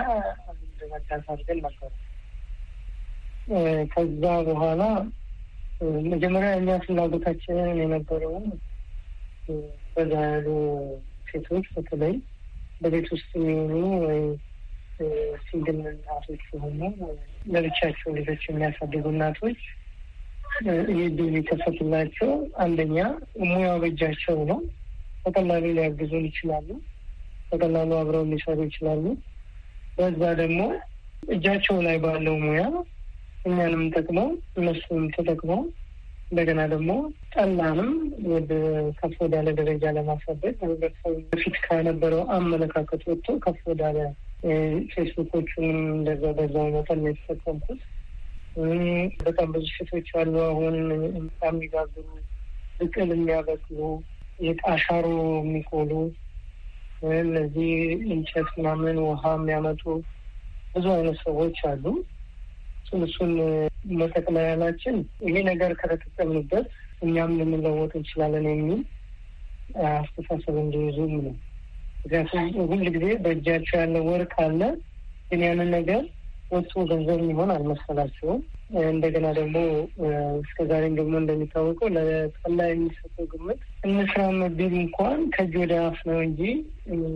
አንድ መዳስ አድርገን ነበር። ከዛ በኋላ መጀመሪያ እኛ ፍላጎታችንን የነበረው በዛ ያሉ ሴቶች በተለይ በቤት ውስጥ የሚሆኑ ወይ ሲንግል እናቶች ሲሆኑ ለብቻቸው ልጆች የሚያሳድጉ እናቶች ይህ ድል ይከፈትላቸው። አንደኛ ሙያው በእጃቸው ነው። በቀላሉ ሊያግዙን ይችላሉ። በቀላሉ አብረው ሊሰሩ ይችላሉ። በዛ ደግሞ እጃቸው ላይ ባለው ሙያ እኛንም ጠቅመው እነሱም ተጠቅመው እንደገና ደግሞ ጠላንም ወደ ከፍ ወዳለ ደረጃ ለማሳደግ በፊት ከነበረው አመለካከት ወጥቶ ከፍ ወዳለ ፌስቡኮቹንም እንደዛ በዛው መጠን የተጠቀምኩት። በጣም ብዙ ሴቶች አሉ። አሁን የሚጋግሩ ብቅል የሚያበቅሉ የጣሻሮ የሚቆሉ እነዚህ እንጨት ምናምን ውሃ የሚያመጡ ብዙ አይነት ሰዎች አሉ። እሱን መጠቅለያላችን ይሄ ነገር ከተጠቀምንበት እኛም ልንለወጥ እንችላለን የሚል አስተሳሰብ እንዲይዙም ነው። ምክንያቱም ሁል ጊዜ በእጃቸው ያለ ወርቅ አለ፣ ግን ያንን ነገር ወጥቶ ገንዘብ የሚሆን አልመሰላቸውም። እንደገና ደግሞ እስከዛሬም ደግሞ እንደሚታወቀው ለጠላ የሚሰጠው ግምት እንስራ መቢል እንኳን ከእጅ ወደ አፍ ነው እንጂ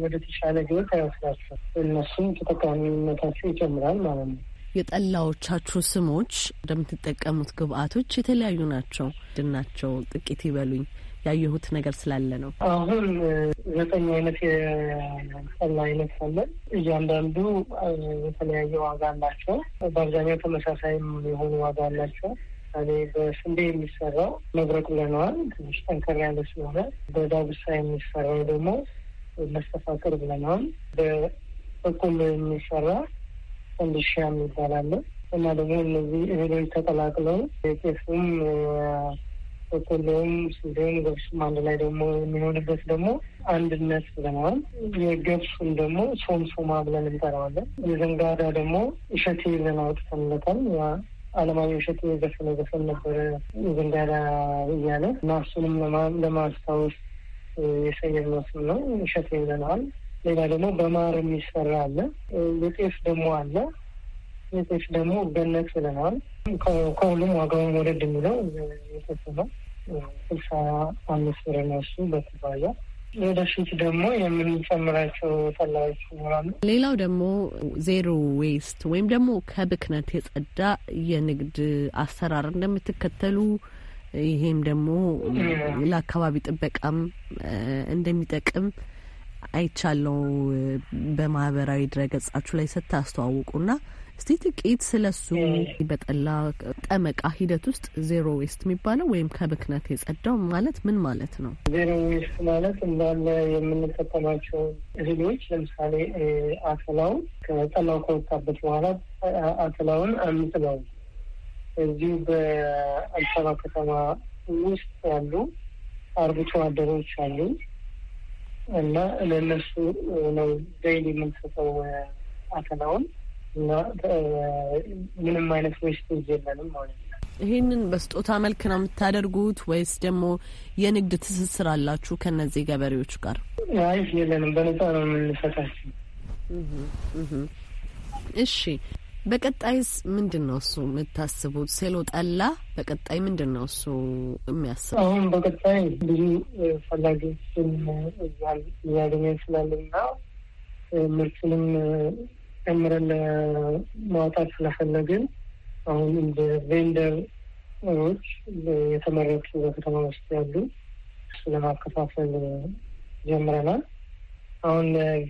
ወደ ተሻለ ህይወት አይወስዳቸውም። እነሱም ተጠቃሚነታቸው ይጨምራል ማለት ነው። የጠላዎቻችሁ ስሞች እንደምትጠቀሙት ግብአቶች የተለያዩ ናቸው ድናቸው ጥቂት ይበሉኝ ያየሁት ነገር ስላለ ነው። አሁን ዘጠኝ አይነት የጠላ አይነት አለን። እያንዳንዱ የተለያየ ዋጋ አላቸው። በአብዛኛው ተመሳሳይም የሆኑ ዋጋ አላቸው። ለምሳሌ በስንዴ የሚሰራው መብረቅ ብለነዋል፣ ትንሽ ጠንከር ያለ ስለሆነ። በዳጉሳ የሚሰራው ደግሞ መስተፋቅር ብለነዋል። በበቆሎ የሚሰራ ፈንዲሻ የሚባላለን እና ደግሞ እነዚህ እህሎች ተቀላቅለው የጤፍም ሶኮሎም ስንዴም ገብሱም አንድ ላይ ደግሞ የሚሆንበት ደግሞ አንድነት ብለነዋል። የገብሱን ደግሞ ሶምሶማ ብለን እንጠራዋለን። የዘንጋዳ ደግሞ እሸቴ ብለን አውጥተንለታል። አለማዊ እሸቴ የዘፈነ ዘፈን ነበረ የዘንጋዳ እያለ እና እሱንም ለማስታወስ የሰየምነው ስም ነው። እሸቴ ብለናል። ሌላ ደግሞ በማር የሚሰራ አለ። የጤፍ ደግሞ አለ ሴቶች ደግሞ በነት ብለናል። ከሁሉም ዋጋውን ወደድ የሚለው የተስ ነው ስልሳ አምስት ብር ነሱ በኩባያ ወደፊት ደግሞ የምንጨምራቸው ጠላዎች ይኖራሉ። ሌላው ደግሞ ዜሮ ዌስት ወይም ደግሞ ከብክነት የጸዳ የንግድ አሰራር እንደምትከተሉ ይሄም ደግሞ ለአካባቢ ጥበቃም እንደሚጠቅም አይቻለው በማህበራዊ ድረገጻችሁ ላይ ስታስተዋውቁና እስቲ ጥቂት ስለሱ በጠላ ጠመቃ ሂደት ውስጥ ዜሮ ዌስት የሚባለው ወይም ከብክነት የጸዳው ማለት ምን ማለት ነው? ዜሮ ዌስት ማለት እንዳለ የምንጠቀማቸው እህሎች ለምሳሌ አተላውን ከጠላው ከወጣበት በኋላ አተላውን አምጥለው እዚሁ በአዲስ አበባ ከተማ ውስጥ ያሉ አርብቶ አደሮች አሉ እና ለእነሱ ነው ዘይል የምንሰጠው አተላውን እና ምንም አይነት ዌስት የለንም ማለት ይህንን በስጦታ መልክ ነው የምታደርጉት ወይስ ደግሞ የንግድ ትስስር አላችሁ ከነዚህ ገበሬዎች ጋር? አይ የለንም፣ በነጻ ነው የምንሰጣቸው። እሺ፣ በቀጣይስ ምንድን ነው እሱ የምታስቡት? ሴሎ ጠላ በቀጣይ ምንድን ነው እሱ የሚያስቡት? አሁን በቀጣይ ብዙ ፈላጊዎችን እያገኘ ስላለን እና ምርትንም ጨምረን ማውጣት ስለፈለግን አሁን እንደ ቬንደሮች የተመረጡ በከተማ ውስጥ ያሉ ለማከፋፈል ጀምረናል። አሁን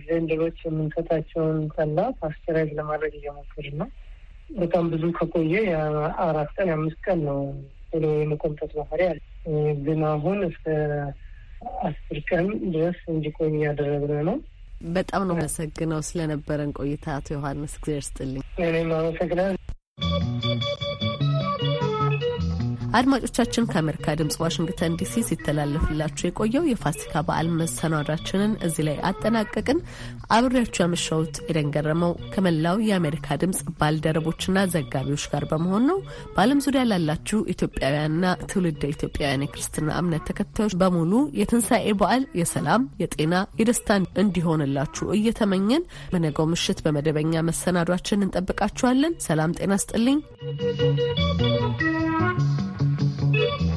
ቬንደሮች የምንሰጣቸውን ጠላ ፓስቸራይዝ ለማድረግ እየሞከር ነው። በጣም ብዙ ከቆየ የአራት ቀን የአምስት ቀን ነው ቶሎ የመቆምጠጥ ባህሪ አለ። ግን አሁን እስከ አስር ቀን ድረስ እንዲቆይ እያደረግን ነው። በጣም ነው መሰግነው ስለነበረን ቆይታ አቶ ዮሐንስ፣ እግዜር ስጥልኝ። እኔም አመሰግናለሁ። አድማጮቻችን ከአሜሪካ ድምጽ ዋሽንግተን ዲሲ ሲተላለፍላችሁ የቆየው የፋሲካ በዓል መሰናዷችንን እዚህ ላይ አጠናቀቅን። አብሬያችሁ ያመሻውት ኤደን ገረመው ከመላው የአሜሪካ ድምጽ ባልደረቦችና ዘጋቢዎች ጋር በመሆን ነው። በዓለም ዙሪያ ላላችሁ ኢትዮጵያውያንና ትውልደ ኢትዮጵያውያን የክርስትና እምነት ተከታዮች በሙሉ የትንሣኤ በዓል የሰላም፣ የጤና፣ የደስታ እንዲሆንላችሁ እየተመኘን በነገው ምሽት በመደበኛ መሰናዷችን እንጠብቃችኋለን። ሰላም ጤና ስጥልኝ። thank you